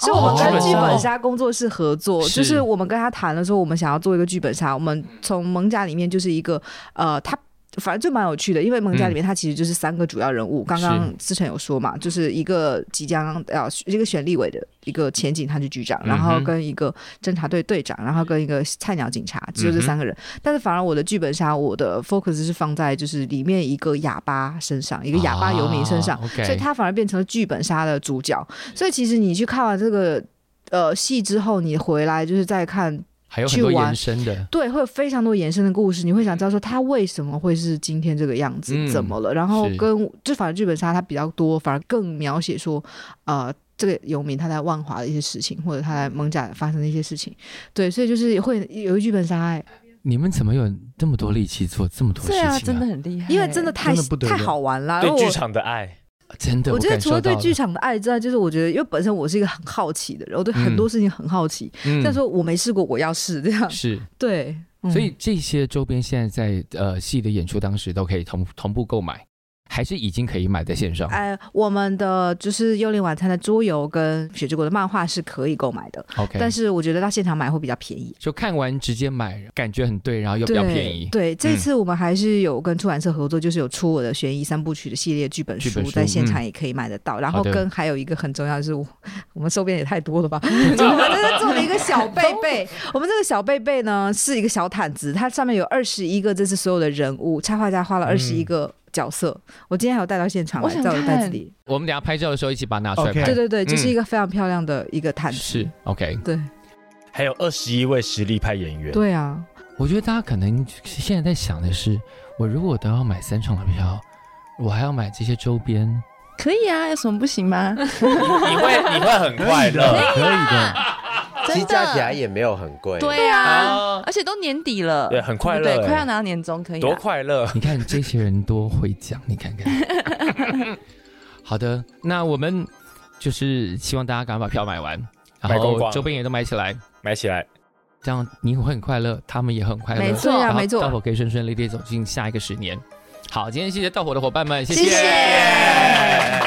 ，oh. 是我們跟劇本殺工作室合作，oh. 就是我們跟他談的時候，我們想要做一個劇本殺，我們從蒙甲裡面就是一個呃，他。反正就蠻有趣的，因為《蒙家》裡面他其實就是三個主要人物，嗯。剛剛思辰有說嘛，就是一個即將要、哎、一個選立委的一個前警察局局長，然後跟一個偵察隊隊長，然後跟一個菜鳥警察，只、就、有、是、這三個人、嗯。但是反而我的劇本殺，我的 focus 是放在就是裡面一個啞巴身上，一個啞巴遊民身上、啊，所以他反而變成了劇本殺的主角。啊所，以主角嗯、所以其實你去看完這個呃戲之後，你回來就是再看。還有很多延伸的，對，會有非常多延伸的故事，你會想知道說他為什麼會是今天這個樣子，嗯、怎麼了？然後跟，就反而劇本殺它比較多，反而更描寫說，呃，這個遊民他在萬華的一些事情，或者他在艋舺發生的一些事情，對，所以就是會有一劇本殺愛。你們怎麼有這麼多力氣做這麼多事情啊？對啊，真的很厲害，因為真的太真的太好玩了。對劇場的愛。真的我，我覺得除了對劇場的愛之外，就是我覺得，因為本身我是一個很好奇的人，我對很多事情很好奇。再說，嗯，嗯，我沒試過，我要試這樣，是，對。嗯，所以這些週邊現在在，呃，戲的演出當時都可以同同步購買。還是已經可以買在線上。哎、嗯呃，我們的就是《幽靈晚餐》的桌遊跟《雪之國》的漫畫是可以購買的。Okay. 但是我覺得到現場買會比較便宜。就看完直接買，感覺很對，然後又比較便宜。對，對嗯、這次我們還是有跟出版社合作，就是有出我的懸疑三部曲的系列劇本書，在現場也可以買得到、嗯。然後跟還有一個很重要就是、嗯，我們周邊也太多了吧？我們這個做了一個小貝貝， 我們這個小貝貝呢是一個小毯子，它上面有二十一個，這是所有的人物，插畫家畫了二十一個、嗯。角色，我今天還有帶到現場來，來在我的袋子裡。我們等下拍照的時候一起把它拿出來、okay. 拍。對對對，這、嗯就是一個非常漂亮的一個毯子是，OK。對，還有二十一位實力派演員。對啊，我覺得大家可能現在在想的是，我如果都要買三場的票，我還要買這些周邊。可以啊，有什麼不行嗎？ 你，你會你會很快樂、啊，可以的。 其實加起來也沒有很貴，對啊，啊，而且都年底了，對，很快樂，對，快要拿到年終，可以、啊、多快樂。你看這些人多會講，你看看。 好的，那我們就是希望大家趕快把票買完，然後周邊也都買起來買，買起來，這樣你會很快樂，他們也很快樂，沒錯沒錯，盜火可以順順利利走進下一個十年。好，今天謝謝盜火的夥伴們，謝謝。謝謝 yeah!